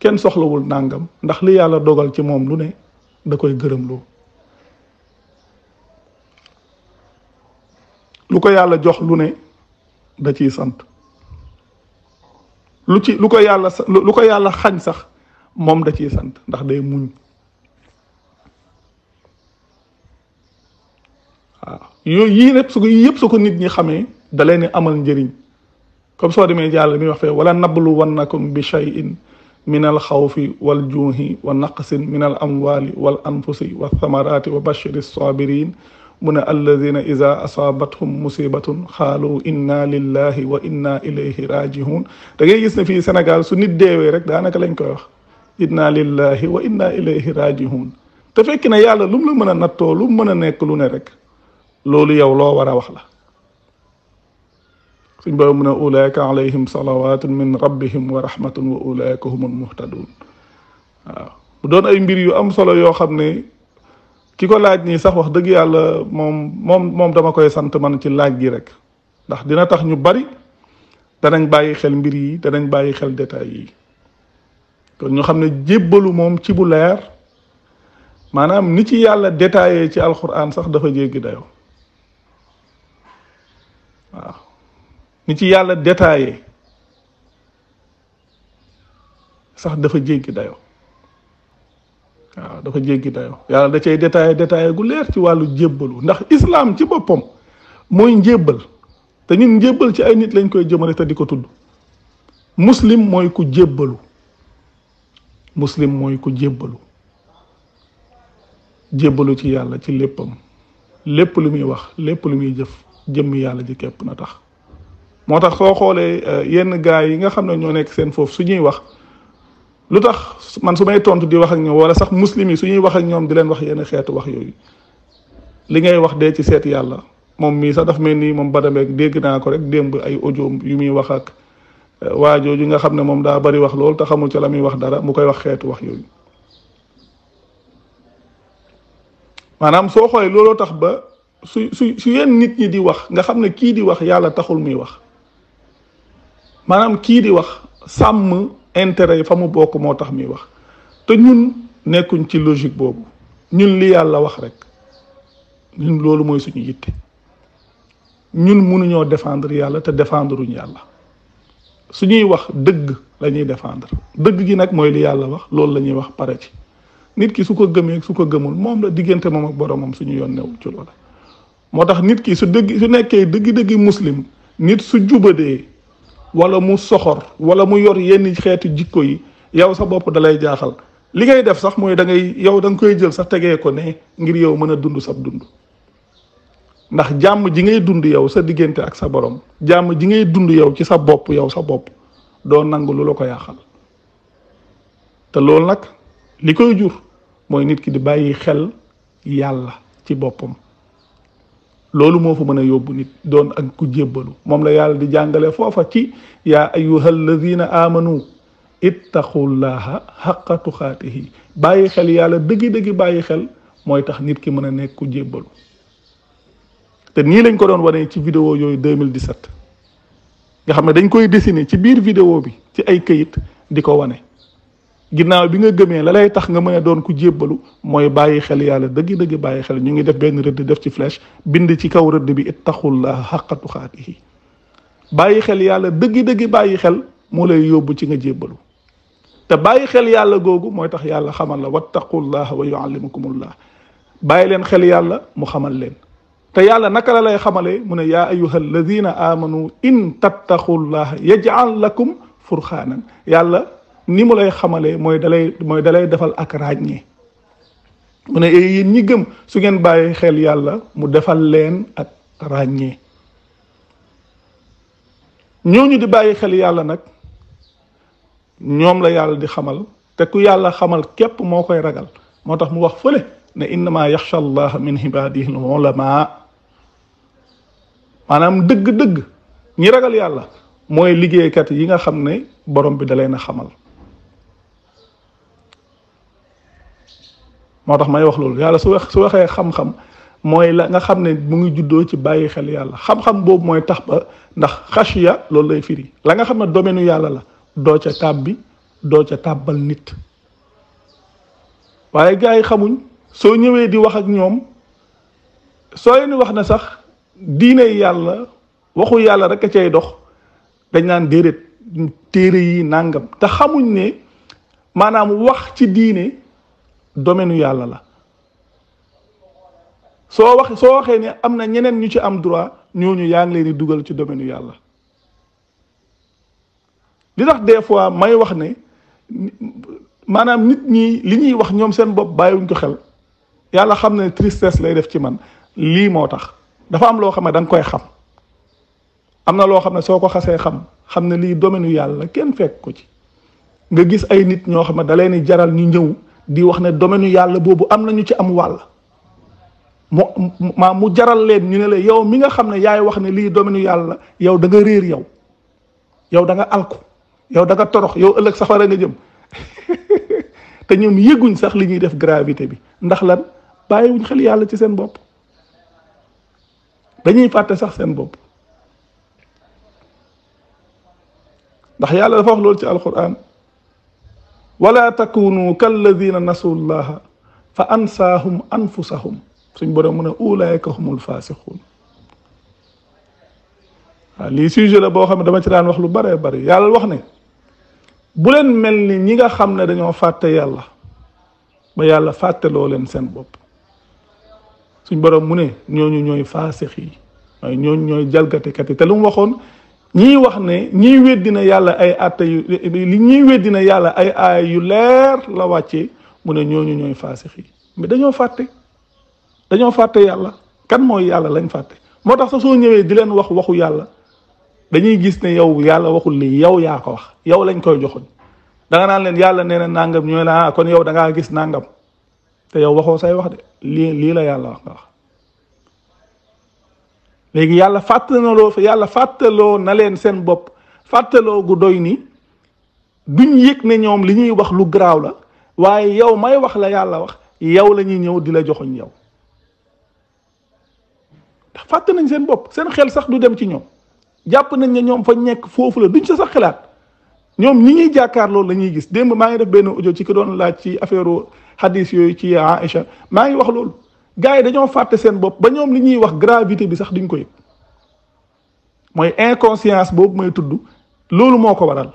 kenn soxlawul nàngam ndax li yàlla dogal ci moom lu ne da koy gërëm loo lu ko yàlla jox lu ne da ciy sant lu ci lu ko yàlla ko yàlla xañ sax moom da ciy sant ndax day muñ waaw yooyu yii lépp su ko yëpp su ko nit ñi xamee da leen amal njariñ comme soo demee yàlla mi wax fee wala nablu wannakum bi shay'in من الخوف والجوه والنقص من الأموال والأنفس والثمرات وبشر الصابرين من الذين إذا أصابتهم مصيبة قالوا إنا لله وإنا إليه راجعون تجي جيسنا في سنغال سو نيت ديوي رك دانا كلا نكو إنا لله وإنا إليه راجعون تفكنا يالا لوم لو مانا ناتو لوم مانا لو نيك رك لولو يا لو ورا فبمن اولئك عليهم صلوات من ربهم ورحمه واولئك هم المهتدون دون اي مبير يو ام صلو يو خامني كيكو لاج ني صاح واخ دغ يالا موم موم موم داما كوي سانت مان تي لاج جي رك داخ دينا تاخ ني باري دا نان باي خيل مبير يي دا نان باي خيل ديتاي يي كون ني خامني جيبلو موم تي بو لير مانام ني تي يالا ديتاي تي القران صاح دا فا جيغي دايو واه ni ci yàlla détaillé sax dafa jéggi dayo waaw dafa jéggi dayo yàlla da cay détaillé détaillé gu leer ci wàllu jébbalu ndax islaam ci boppam mooy njébbal te ñun njébbal ci ay nit lañ koy jëmale te di ko tudd muslim mooy ku jébbalu muslim mooy ku jébbalu jébbalu ci yàlla ci léppam lépp lu muy wax lépp lu muy jëf jëmm yàlla ji képp na tax moo tax soo xoolee euh, yenn gars yi nga xam ne ñoo nekk seen foofu su ñuy wax lu tax man su may tontu di wax ak ñoom wala sax muslim yi su ñuy wax ak ñoom di leen wax yenn xeetu wax yooyu li ngay wax dee ci seet yàlla moom mii sax daf mel nii moom Badameeg dégg naa ko rek démb ay audio yu muy wax ak euh, waa jooju nga xam ne moom daa bari wax loolu te xamul ca la muy wax dara mu koy wax xeetu wax yooyu. maanaam soo xoolee looloo tax ba su su su yenn nit ñi di wax nga xam ne kii di wax yàlla taxul muy wax. maanaam kii di wax sàmm intérêt yi fa mu bokk moo tax muy wax te ñun nekkuñ ci logique boobu ñun li yàlla wax rek ñun loolu mooy suñu yitte ñun mënuñoo defendre yàlla te defendre défendruñ yàlla suñuy wax dëgg lañuy defendre défendre dëgg gi nag mooy li yàlla wax loolu la ñuy wax pare ci nit ki su ko gëmee su ko gëmul moom la diggante moom ak boromam suñu yoon newul ci loola moo tax nit ki su dëgg su nekkee dëgg-dëgg muslim nit su jubadee wala mu soxor wala mu yor yenn xeetu jikko yi yow sa bopp dalay jaaxal li ngay def sax mooy da ngay yow da nga koy jël sax tegee ko ne ngir yow mën a dund sab dund ndax jàmm ji ngay dund yow sa diggante ak sa borom jàmm ji ngay dund yow ci sa bopp yow sa bopp doo nangu lu la ko yàqal te loolu nag li koy jur mooy nit ki di bàyyi xel yàlla ci boppam loolu moo fa mën a yóbbu nit doon ak ku jébbalu moom la yàlla di jàngale foofa ci yaa ayuha alladina amanu ittaqullaha xaqa tuxaatihi bàyyi xel yàlla dëggi-dëggi bàyyi xel mooy tax nit ki mën a nekk ku jébbalu te nii lañ ko doon wanee ci vidéo yooyu 2017 nga xam ne dañ koy dessiner ci biir vidéo bi ci ay këyit di ko wane ginaaw bi nga gëmé la lay tax nga mëna doon ku jébalu moy bàyyi xel yalla deug deug bàyyi xel ñu ngi def ben rëdd def ci flèche bind ci kaw rëdd bi ittaqullaha haqqa tuqaatihi bàyyi xel yalla deug deug bàyyi xel mo lay yóbbu ci nga jébalu te bàyyi xel yàlla gogu moy tax yàlla xamal la wattaqullaha wa yuallimukumullah bàyyi len xel yàlla mu xamal len te yàlla naka la lay xamalé mu ne ya ayyuhal ladhina amanu in tattaqullaha yaj'al lakum furxaanan yàlla ni mu lay xamalé moy dalay moy dalay defal ak ràññee mune ne yéen ñi gëm su ngeen baye xel yàlla mu defal leen ak ñoo ñu di baye xel yàlla nak ñom la yàlla di xamal te ku yàlla xamal kep mo koy ragal motax mu wax fële ne innama yakhsha allah min ibadihi ulama manam deug deug ñi ragal yàlla moy liggey kat yi nga xamne borom bi dalena xamal moo tax may wax loolu yàlla su wax su waxee xam-xam mooy la nga xam ne mu ngi juddoo ci bàyyi xel yàlla xam-xam boobu mooy tax ba ndax xashiya loolu lay firi la nga xam ne domaine yàlla la doo ca tàbbi doo ca tàbbal nit waaye gars yi xamuñ soo ñëwee di wax ak ñoom soo leen wax na sax diine yàlla waxu yàlla rek a cay dox dañ naan déedéet téere yi nàngam te xamuñ ne maanaam wax ci diine domaine yàlla la soo wax soo waxee ni am na ñeneen ñu ci am droit ñu yaa ngi leen di dugal ci domaine yàlla li tax des fois may wax ne maanaam nit ñi li ñuy wax ñoom seen bopp bàyyiwuñ ko xel yàlla xam ne tristesse lay def ci man lii moo tax dafa am loo xam ne da koy xam am na loo xam ne soo ko xasee xam xam ne lii domaine yàlla kenn fekk ko ci nga gis ay nit ñoo xam ne da leen jaral ñu ñëw. di wax ne domaine yàlla boobu am na ñu ci am wàlla mu maa mu jaral leen ñu ne la yow mi nga xam ne yaay wax ne lii domaine yàlla yow danga réer yow yow da nga alku yow danga torox yow ëllëg safara nga jëm te ñoom yëguñ sax li ñuy def gravité bi ndax lan bàyyiwuñ xel yàlla ci seen bopp dañuy fàtte sax seen bopp ndax yàlla dafa wax loolu ci alquran ولا تكونوا كالذين نسوا الله فانساهم انفسهم سن بروم من اولئك هم الفاسقون لي سوجي لا بو خامي داما تران واخ لو باري باري يالا واخ ني بولن ملني نيغا خامني دانيو فات يالا ما يالا فات لولن سن بوب سن بروم من ني ньо ญ ньо ญ فاسقي ньо ญ ньо ญ جالغاتي كاتي تلوم واخون ñii wax ne ñii weddi yàlla ay atta li ñii weddi yàlla ay aay yu leer la wàccee mu ne ñooñu ñooy faasix yi mais dañoo fàtte dañoo fàtte yàlla kan mooy yàlla lañ fàtte moo tax sa soo ñëwee di leen wax waxu yàlla dañuy gis ne yow yàlla waxul lii yow yaa ko wax yow lañ koy joxoñ da nga naan leen yàlla nee na nangam ñooy la ah, kon yow da ngaa gis nangam te yow waxoo say wax de lii lii la yàlla wax nga wax léegi yàlla fàttaloo yàlla fàttaloo na leen seen bopp fàttaloo gu doy nii duñ yëg ne ñoom li ñuy wax lu garaaw la waaye yow may wax la yàlla wax yow la ñuy ñëw di la joxoñ yow ndax nañ seen bopp seen xel sax du dem ci ñoom jàpp nañ ne ñoom fa nekk foofu la duñ sa sax xalaat ñoom ñi ñuy jàkkaar loolu la gis démb maa ngi def benn audio ci ki doon laaj ci affaire xadis yooyu ci Aïcha maa ngi wax loolu gars yi dañoo fàtte seen bopp ba ñoom li ñuy wax gravité bi sax duñ ko yëg mooy inconscience boobu mooy tudd loolu moo ko waral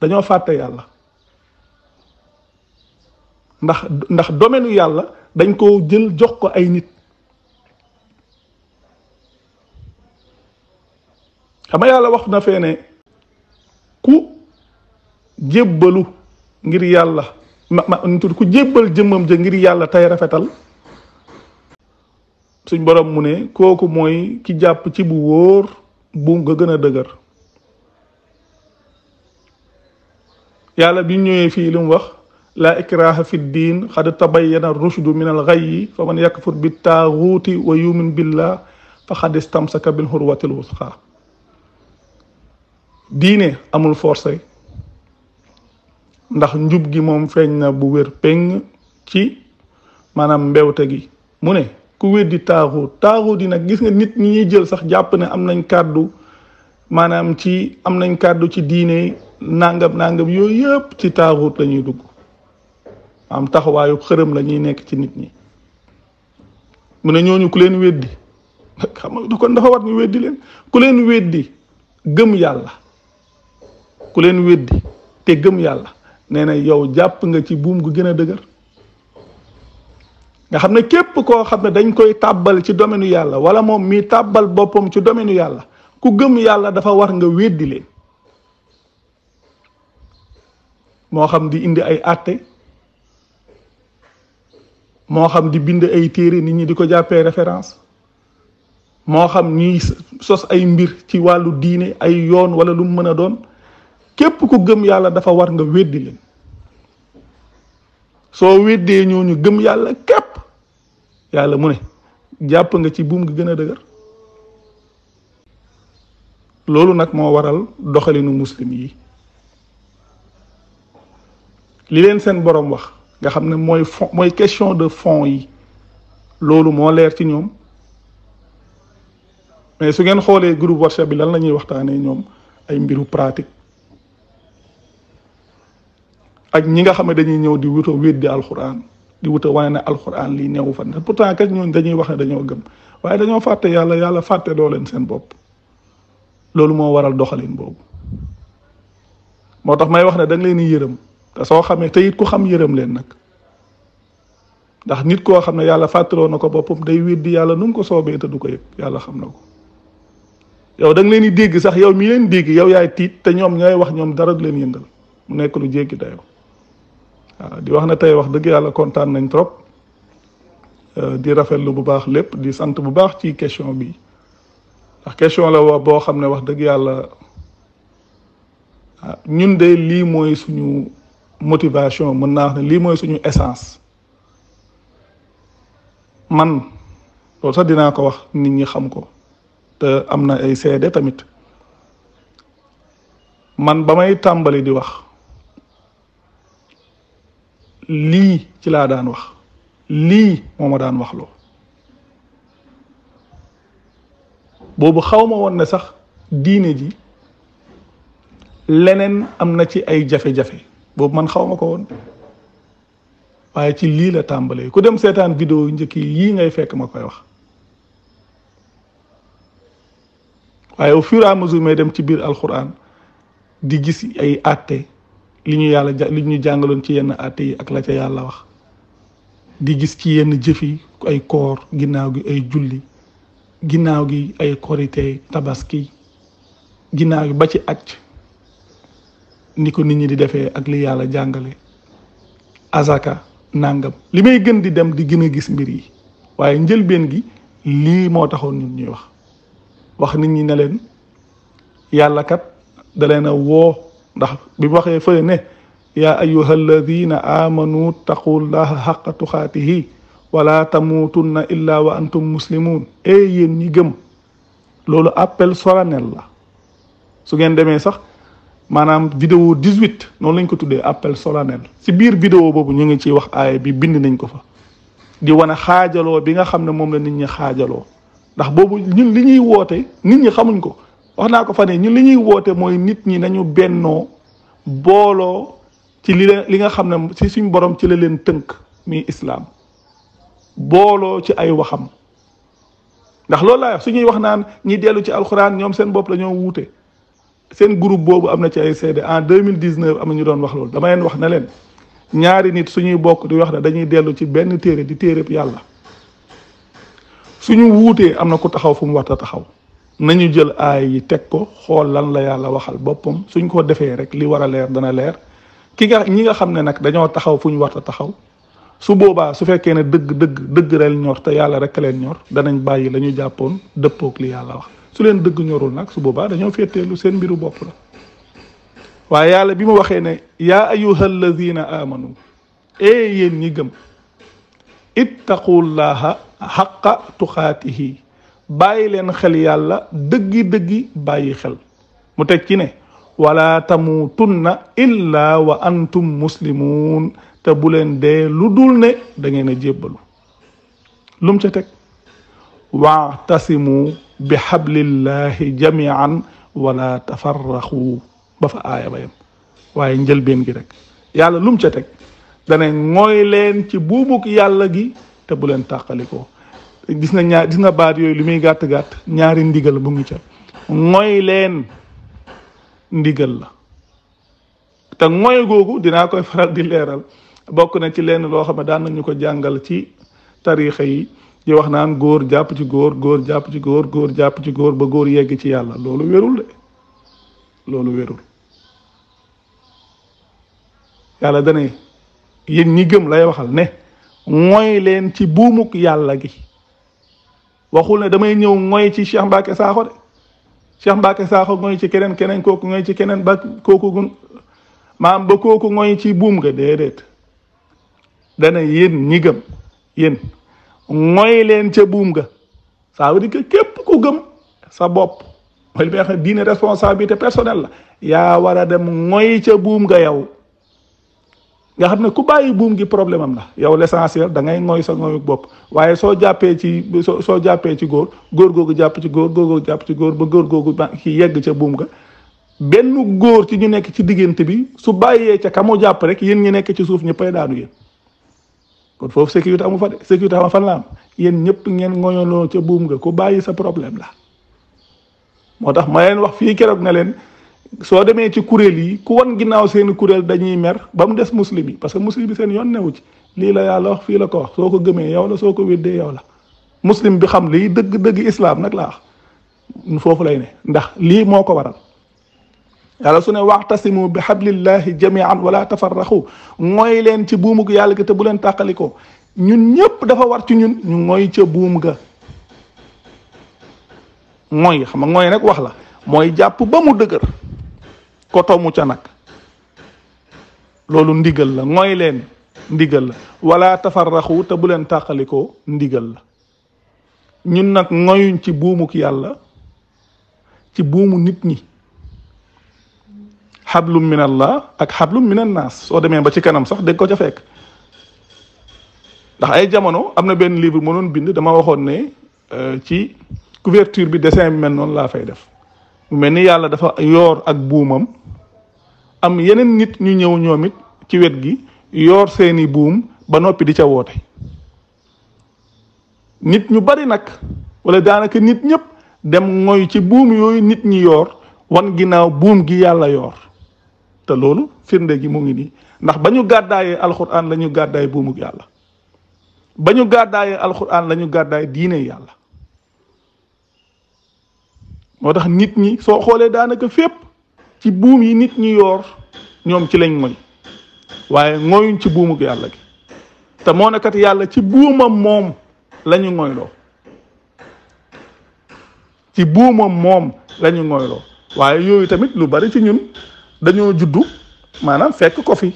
dañoo fàtte yàlla ndax ndax domaine yàlla dañ ko jël jox ko ay nit xama yàlla wax na fee ne ku jébbalu ngir yàlla ma ma ku jébbal jëmmam ja ngir yàlla tey rafetal suñ borom mu ne kooku mooy ki jàpp ci bu wóor bu nga gën a dëgër yàlla bi ñëwee fii li mu wax la ikraha fi diin xad tabayyana rushdu min al ghayyi fa man yakfur bi taghut wa yumin billah fa xad istamsaka bil hurwatil wuthqa diine amul forcé ndax njub gi moom feeñ na bu wér péng ci maanaam mbewte gi mu ne ku weddi taaxut taaxut yi nag gis nga nit ñi ñuy jël sax jàpp ne am nañ kàddu maanaam ci am nañ kàddu ci diine nangam nangam yooyu yëpp ci taaxut lañuy ñuy dugg am taxawaayu xërëm lañuy nekk ci nit ñi mu ne ñooñu ku leen weddi xam nga kon dafa war ñu weddi leen ku leen weddi gëm yàlla ku leen weddi te gëm yàlla nee na yow jàpp nga ci buum gu gën a dëgër nga xam ne képp koo xam ne dañ koy tàbbal ci domaine yàlla wala moom mii tàbbal boppam ci domaine yàlla ku gëm yàlla dafa war nga weddi leen moo xam di indi ay àtte moo xam di bind ay téere nit ñi di ko jàppee référence moo xam ñuy ay mbir ci wàllu diine ay yoon wala lu mën a doon képp ku gëm yàlla dafa war nga weddi leen soo weddee ñooñu gëm yàlla képp yàlla mu ne jàpp nga ci buum gi gën a dëgër loolu nag moo waral doxalinu muslim yi li leen seen borom wax nga xam ne mooy fond mooy question de fond yi loolu moo leer ci ñoom mais su ngeen xoolee groupe WhatsApp bi lan la ñuy waxtaanee ñoom ay mbiru pratique ak ñi nga xam dañuy ñëw di wuto weddi alxuraan. di wuta waaye na alxuraan lii neewu fa ne pourtant kat dañuy wax ne dañoo gëm waaye dañoo fàtte yàlla yàlla fàtte doo leen seen bopp loolu moo waral doxalin boobu moo tax may wax ne da leen di yërëm te soo xamee te it ku xam yërëm leen nag ndax nit koo xam ne yàlla fàttaloo na ko boppam day di yàlla nu ko soobee te du ko yëg yàlla xam na ko yow da leen di dégg sax yow mi leen dégg yow yaay tiit te ñoom ñooy wax ñoom dara du leen yëngal mu nekk lu jéggi dayoo waaw di wax na tey wax dëgg yàlla kontaan nañ trop euh, di rafetlu bu baax lépp di sant bu baax ci question bi ndax question la boo xam ne wax dëgg yàlla ah, ñun de lii mooy suñu motivation mën naa wax ne lii mooy suñu essence man loolu sax dinaa ko wax nit ñi xam ko te am na ay sede tamit man ba may tàmbali di wax lii ci laa daan wax lii moo ma daan wax loo boobu xaw ma woon ne sax diine ji leneen am na ci ay jafe-jafe boobu man xaw ma ko woon waaye ci lii la tàmbalee ku dem seetaan vidéo njëkk yi yii ngay fekk ma koy wax waaye au fur et may dem ci biir alxuraan di gis ay àtte li ñu yàlla li ñu jàngaloon ci yenn àtte yi ak la ca yàlla wax di gis ci yenn jëfi ay koor ginnaaw gi ay julli ginnaaw gi ay korite tabaski ginnaaw gi ba ci acc ni ko nit ñi di defee ak li yàlla jàngale azaka nangam li may gën di dem di gën gis mbir yi waaye njëlbeen gi lii moo taxoon nit ñuy wax wax nit ñi ne leen yàllakat kat a woo ndax bi waxee fële ne ya ayuha alladina amanu taqullaha xaqa tuxaatihi wala tamutunna illa wa antum muslimun e yéen ñi gëm loolu appel solennel la su ngeen demee sax maanaam vidéo 18 noonu lañ ko tuddee appel solennel si biir vidéo boobu ñu ngi ciy wax aaya bi bind nañ ko fa di wane xaajaloo bi nga xam ne moom la nit ñi xaajaloo ndax boobu ñun li ñuy woote nit ñi xamuñ ko wax naa ko fa ne ñun li ñuy woote mooy nit ñi nañu bennoo booloo ci li leen li nga xam ne si suñ borom ci la leen tënk mi islaam booloo ci ay waxam ndax loolu laa wax suñuy wax naan ñi dellu ci alxuraan ñoom seen bopp lañoo ñoo wuute seen groupe boobu am na ci ay seede en 2019 am na ñu doon wax loolu dama leen wax na leen ñaari nit suñuy bokk di wax ne dañuy dellu ci benn téere di téereb yàlla suñu wuutee am na ku taxaw fu mu war taxaw nañu jël aay yi teg ko xool lan la yàlla waxal boppam suñ ko defee rek li war a leer dana leer ki nga ñi nga xam ne nag dañoo taxaw fu ñu war a taxaw su boobaa su fekkee ne dëgg dëgg dëgg reel ñor te yàlla rek leen ñor danañ bàyyi lañu jàppoon dëppook li yàlla wax su leen dëgg ñorul nag su boobaa dañoo lu seen mbiru bopp la waaye yàlla bi mu waxee ne yaa ayuha alladina amanu ee yéen ñi gëm ittaqullaha xaqa tuqaatihi bàyyi leen xel yàlla dëggi dëggi bàyyi xel mu teg ci ne wala tamutunna illa wa antum muslimun te buleen de dee lu dul ne da ngeen a jébbalu lum ca teg waatasimu bi xablillahi jamian wala tafarraxu ba fa aaya ba yem gi rek yàlla lum ca teg dane mooy ci buubuk yàlla gi te bu leen tàqalikoo gis na ñaar gis nga baat yooyu li muy gàtt gàtt ñaari ndigal mu ngi ca mooy leen ndigal la te mooy googu dinaa koy faral di leeral bokk na ci lenn loo xam ne daan nañu ko jàngal ci tariixa yi di wax naan góor jàpp ci góor góor jàpp ci góor góor jàpp ci góor ba góor yegg ci yàlla loolu werul de loolu wérul yàlla dane yéen ñi gëm lay waxal ne mooy leen ci buumuk yàlla gi waxul ne damay ñëw ngoy ci Cheikh Mbacke Sakho de Cheikh Mbacke Sakho ngoy ci keneen keneen kooku ngoy ci keneen ba kooku maam ba kooku ngoy ci buum nga déedéet dana yéen ñi gëm yéen ngoy leen ca buum ga ça veut dire que képp ku gëm sa bopp mooy li may wax ne diine responsabilité personnelle yaa war a dem ngoy ca buum ga yow nga xam ne ku bàyyi buum gi problème am la yow l'essentiel da ngay mooy sa mooyu bopp waaye soo jàppee ci soo soo jàppee ci góor góor googu jàpp ci góor góor googu jàpp ci góor ba góor googu ki yegg ca buum ga benn góor ci ñu nekk ci diggante bi su bàyyee ca ka jàpp rek yéen ñi nekk ci suuf ñëppay daanu yéen kon foofu sécurité amu fa de sécurité amu fan la am yéen ñëpp ngeen ngoyoloo ca buum nga ku bàyyi sa problème la moo tax ma leen wax fii keroog na leen soo demee ci kuréel yi ku wan ginnaaw seeni kuréel dañuy mer ba mu des muslim yi parce que muslim bi seen yoon newu ci lii la yàlla wax fii la ko wax soo ko gëmee yow la soo ko weddee yow la muslim bi xam lii dëgg dëgg islaam nag laa foofu lay ne ndax lii moo ko waral yàlla su ne waxtasimu bi hablillahi jamian wala tafarraxu mooy leen ci buumug yàlla gi te bu leen tàqalikoo ñun ñëpp dafa war ci ñun ñu mooy ca buum ga mooy xam nga mooy nag wax la mooy jàpp ba mu dëgër kotomu ca nag loolu ndigal la mooy leen ndigal la wala tafarraxu te bu leen tàqalikoo ndigal la ñun nag ngoyuñ ci buumuk yàlla ci buumu nit ñi xablum minal allah ak xablum min annaas soo demee ba ci kanam sax dégg ko ca fekk ndax ay jamono am na benn livre mënoon bind dama waxoon ne euh, ci couverture bi desin bi mel noonu laa fay def mel ni yàlla dafa yoor ak buumam am yeneen nit ñu ñëw ñoom it ci wet gi yoor seeni buum ba noppi di ca woote nit ñu bari nag wala daanaka nit ñëpp dem mooy ci buum yooyu nit ñi yoor wan ginnaaw buum gi yàlla yoor te loolu firnde gi mu ngi nii ndax ba ñu gàddaayee alxuraan la ñu gàddaay buumug yàlla ba ñu gàddaayee alxuraan la ñu gàddaay diine yàlla motax nit ñi soo xoolee daanaka fep ci boom yi nit ñi yor ñom ci lañ moy waye ngoyun ci ko yalla gi ta mo ne yalla yàlla ci buumam moom lañu lo ci buumam moom lañu lo waye yoyu tamit lu bari ci ñun dañoo juddu manam fekk ko fi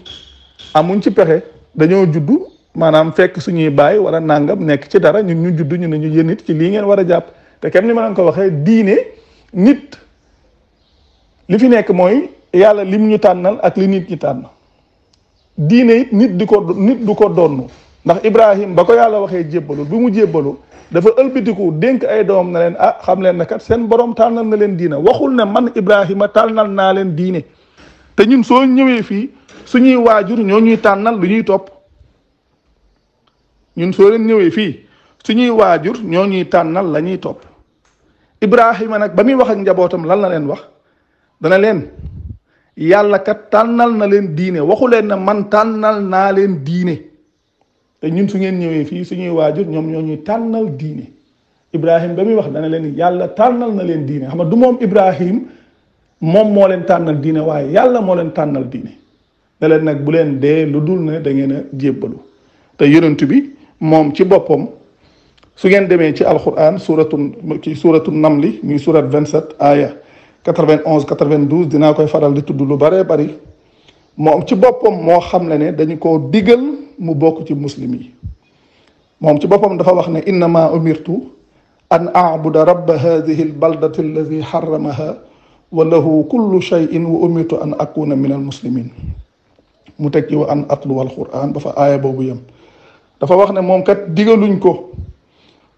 amuñ ci pexé dañoo juddu manam fekk suñuy bay wala nangam nek ci dara ñun ñu juddu ñu ñu yeenit ci li ngeen wara japp te kem ni ma ko waxe diine nit li fi nekk mooy yàlla lim ñu tànnal ak li nit ñi tànn diine it nit di ko nit du ko donn ndax Ibrahim ba ko yàlla waxee jébbalu bi mu jébbalu dafa ëlbatiku dénk ay doom na leen ah xam leen ne kat seen borom tànnal na leen diine waxul ne man Ibrahima tànnal naa leen diine te ñun soo ñëwee fii suñuy waajur ñoo ñuy tànnal lu ñuy topp ñun soo leen ñëwee fii suñuy waajur ñoo ñuy tànnal la ñuy topp. Ibrahima nag ba muy wax ak njabootam lan la leen wax dana leen yàlla kat tànnal na leen diine waxu leen ne man tànnal naa leen diine te ñun su ngeen ñëwee fii suñuy waajur ñoom ñoo ñuy tànnal diine Ibrahima ba muy wax dana leen yàlla tànnal na leen diine xam nga du moom Ibrahima moom moo leen tànnal diine waaye yàlla moo leen tànnal diine ne leen nag bu leen dee lu dul ne da ngeen a jébbalu te yonent bi moom ci boppam. su ngeen demee ci alquran suuratu ci suuratu namli muy surat 27 aya 91 92 dinaa koy faral di tudd lu bare bari moom ci boppam moo xam ne ne dañu ko digal mu bokk ci muslim yi moom ci boppam dafa wax ne innama umirtu an a'buda rabb hadhihi albaldati alladhi harramaha wa lahu kullu shay'in wa umirtu an akuna min almuslimin mu teg ci wa an atlu alquran dafa aya aaya boobu yem dafa wax ne moom kat digaluñ ko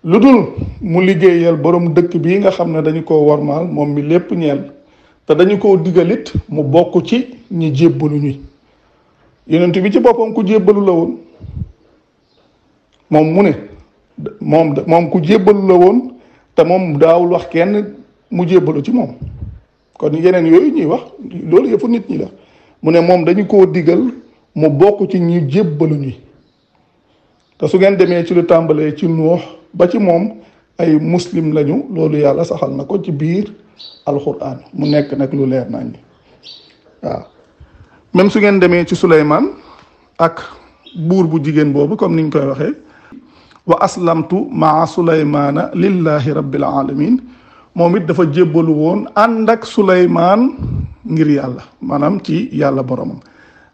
lu dul mu liggéeyal borom dëkk bii nga xam ne dañu ko wormaal moom mi lépp ñeel te dañu ko digalit mu bokk ci ñi jébbalu ñi bi ci boppam ku jébbalu woon moom mu ne moom moom ku jébbalu woon te moom daawul wax kenn mu jébbalu ci moom kon yeneen yooyu ñuy wax loolu yëpp nit ñi la mu ne moom dañu koo digal mu bokk ci ñi jébbalu ñi te su ngeen demee ci lu tàmbalee ci nuux ba ci moom ay muslim lañu loolu yàlla saxal na ko ci biir alxuraan mu nekk nag lu leer nañ waaw même su ngeen demee ci Suleymaan ak buur bu jigéen boobu comme niñ koy waxee wa aslamtu maa Suleymaana lillahi rabbil alamin moom it dafa jébbalu woon ànd ak Suleymaan ngir yàlla maanaam ci yàlla boromam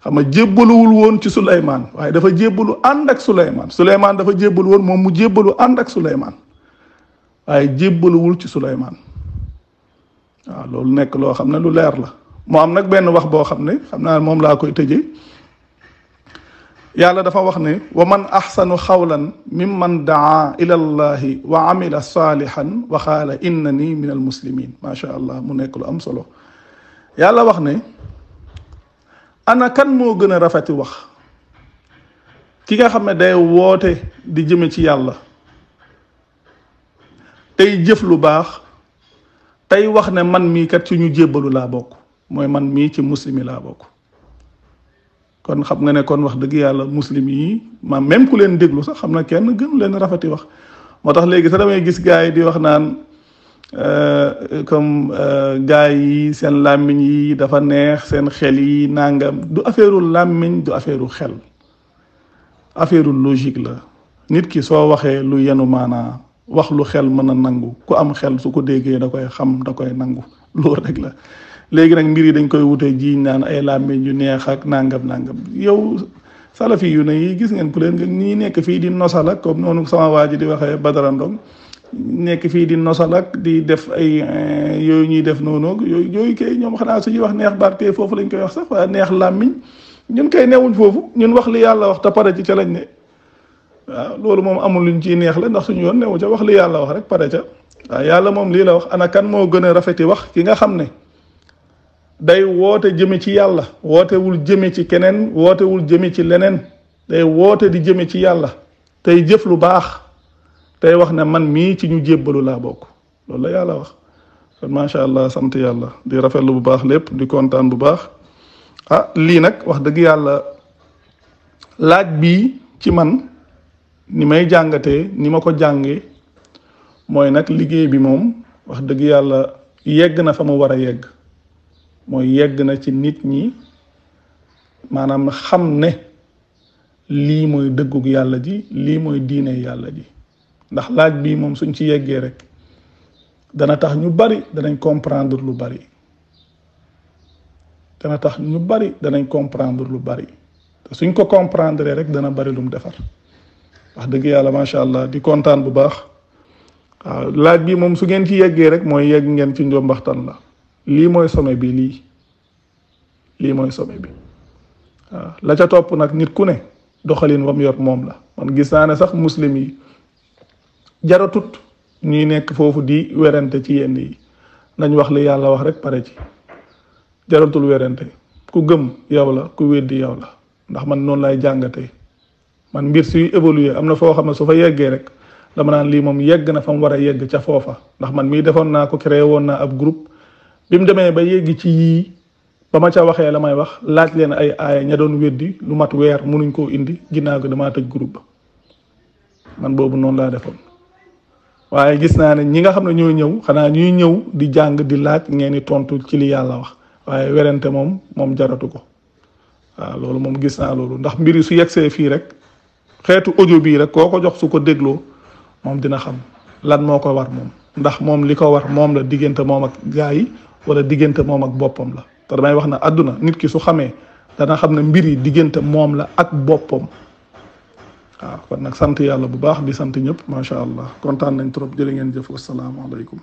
xama nga jébbaluwul woon ci Souleymane waaye dafa jébbalu ànd ak suleyman suleyman dafa jébbalu woon moom mu jébbalu ànd ak Souleymane waaye jébbaluwul ci Souleymane waaw loolu nekk loo xam ne lu leer la mu am nag benn wax boo xam ne xam naa moom laa koy tëjee yàlla dafa wax ne wa man axsanu xawlan mimman daa ila allahi wa amila salihan wa xaala innani min almuslimin macha allah mu nekk lu am solo yàlla wax ne ana kan moo gën a rafeti wax ki nga xam ne day woote di jëme ci yàlla tey jëf lu baax tey wax ne man mii kat ci ñu jébbalu laa bokk mooy man mii ci muslim yi laa bokk kon xam nga ne kon wax dëgg yàlla muslim yi ma même ku leen déglu sax xam na kenn gënu leen rafeti wax moo tax léegi sax damay gis gars yi di wax naan Euh, comme euh, gars yi seen làmmiñ yi dafa neex seen xel yi nangam du affaireu làmmiñ du affaireu xel affaireu logique la nit ki soo waxee lu yenu maanaa wax lu xel mën na nangu ku am xel su ko déggee da koy xam da koy nangu loolu rek la léegi nag mbir yi dañ koy wute jiiñ naan ay làmmiñ yu neex ak nangam nangam yow salafi yu ne yi gis ngeen ku leen ñi nekk fii di nosala comme noonu sama waa ji di waxee Badara Ndong nekk fii di nosal ak di def ay eh, yooyu ñuy def noonu yooyu yooyu kay ñoom xanaa suñuy wax neex baat kay foofu lañ koy wax sax waaye neex làmmiñ ñun kay newuñ foofu ñun wax li yàlla wax te pare ci ca lañ ne waaw loolu moom amul luñ ciy neex la ndax suñu yoon newu ca wax li yàlla wax rek pare ca waaw yàlla moom lii la wax ana kan moo gën a rafeti wax ki nga xam ne day woote jëme ci yàlla wootewul jëme ci keneen wootewul jëme ci leneen day woote di jëme ci yàlla tey jëf lu baax tey wax na man mii ci ñu jébbalu laa bokk loolu la yàlla wax kon macha allah sant yàlla di rafetlu bu baax lépp di kontaan bu baax a ah, lii nag wax dëgg yàlla laaj bii ci man ni may jàngate ni ma ko jànge mooy nag liggéey bi moom wax dëgg yàlla yegg na fa mu war a yegg mooy yegg na ci nit ñi maanaam xam ne lii mooy dëggug yàlla ji lii mooy diine yàlla ji ndax laaj bi moom suñ ci yeggee rek dana tax ñu bari danañ comprendre lu bari dana tax ñu bari danañ comprendre lu bari te suñ ko comprendre rek dana bari lum defar wax dëgg yàlla macha allah di kontaan bu baax waaw laaj bi moom su ngeen ci yeggee rek mooy yegg ngeen ci njombaxtan la lii mooy somme bi lii lii mooy somme bi waaw la ca topp nag nit ku ne doxalin wam yor moom la man gis naa ne sax muslim yi jaratut ñi nekk fofu di wérante ci yenn yi nañ wax li yàlla wax rek pare ci jaratul wérante ku gëm yow la ku weddi yow la ndax man noonu lay jàngate man mbir suy évoluer am na foo xam ne su fa yeggee rek dama naan lii moom yegg na fa mu yegg ca foofa ndax man mii defoon naa ko créé woon naa ab groupe bi mu demee ba yegg ci yii ba ma ca waxee la wax laaj leen ay aaya ña doon weddi lu mat weer munuñ koo indi ginnaaw ko damaa groupe man boobu noonu laa defoon waaye gis naa ne ñi nga xam ne ñoo ñëw xanaa ñuy ñëw di jàng di laaj ngeen di tontu ci li yàlla wax waaye werante moom moom jaratu ko waaw loolu moom gis naa loolu ndax mbir yi su yegsee fii rek xeetu audio bii rek koo ko jox su ko dégloo moom dina xam lan moo ko war moom ndax moom li ko war moom la diggante moom ak gaa yi wala diggante moom ak boppam la te damay wax na àdduna nit ki su xamee dana xam ne mbir yi diggante moom la ak boppam waaw kon nag sant yàlla bu baax di sant ñëpp macha allah kontaan nañ trop jërë ngeen jëf wasalaamaaleykum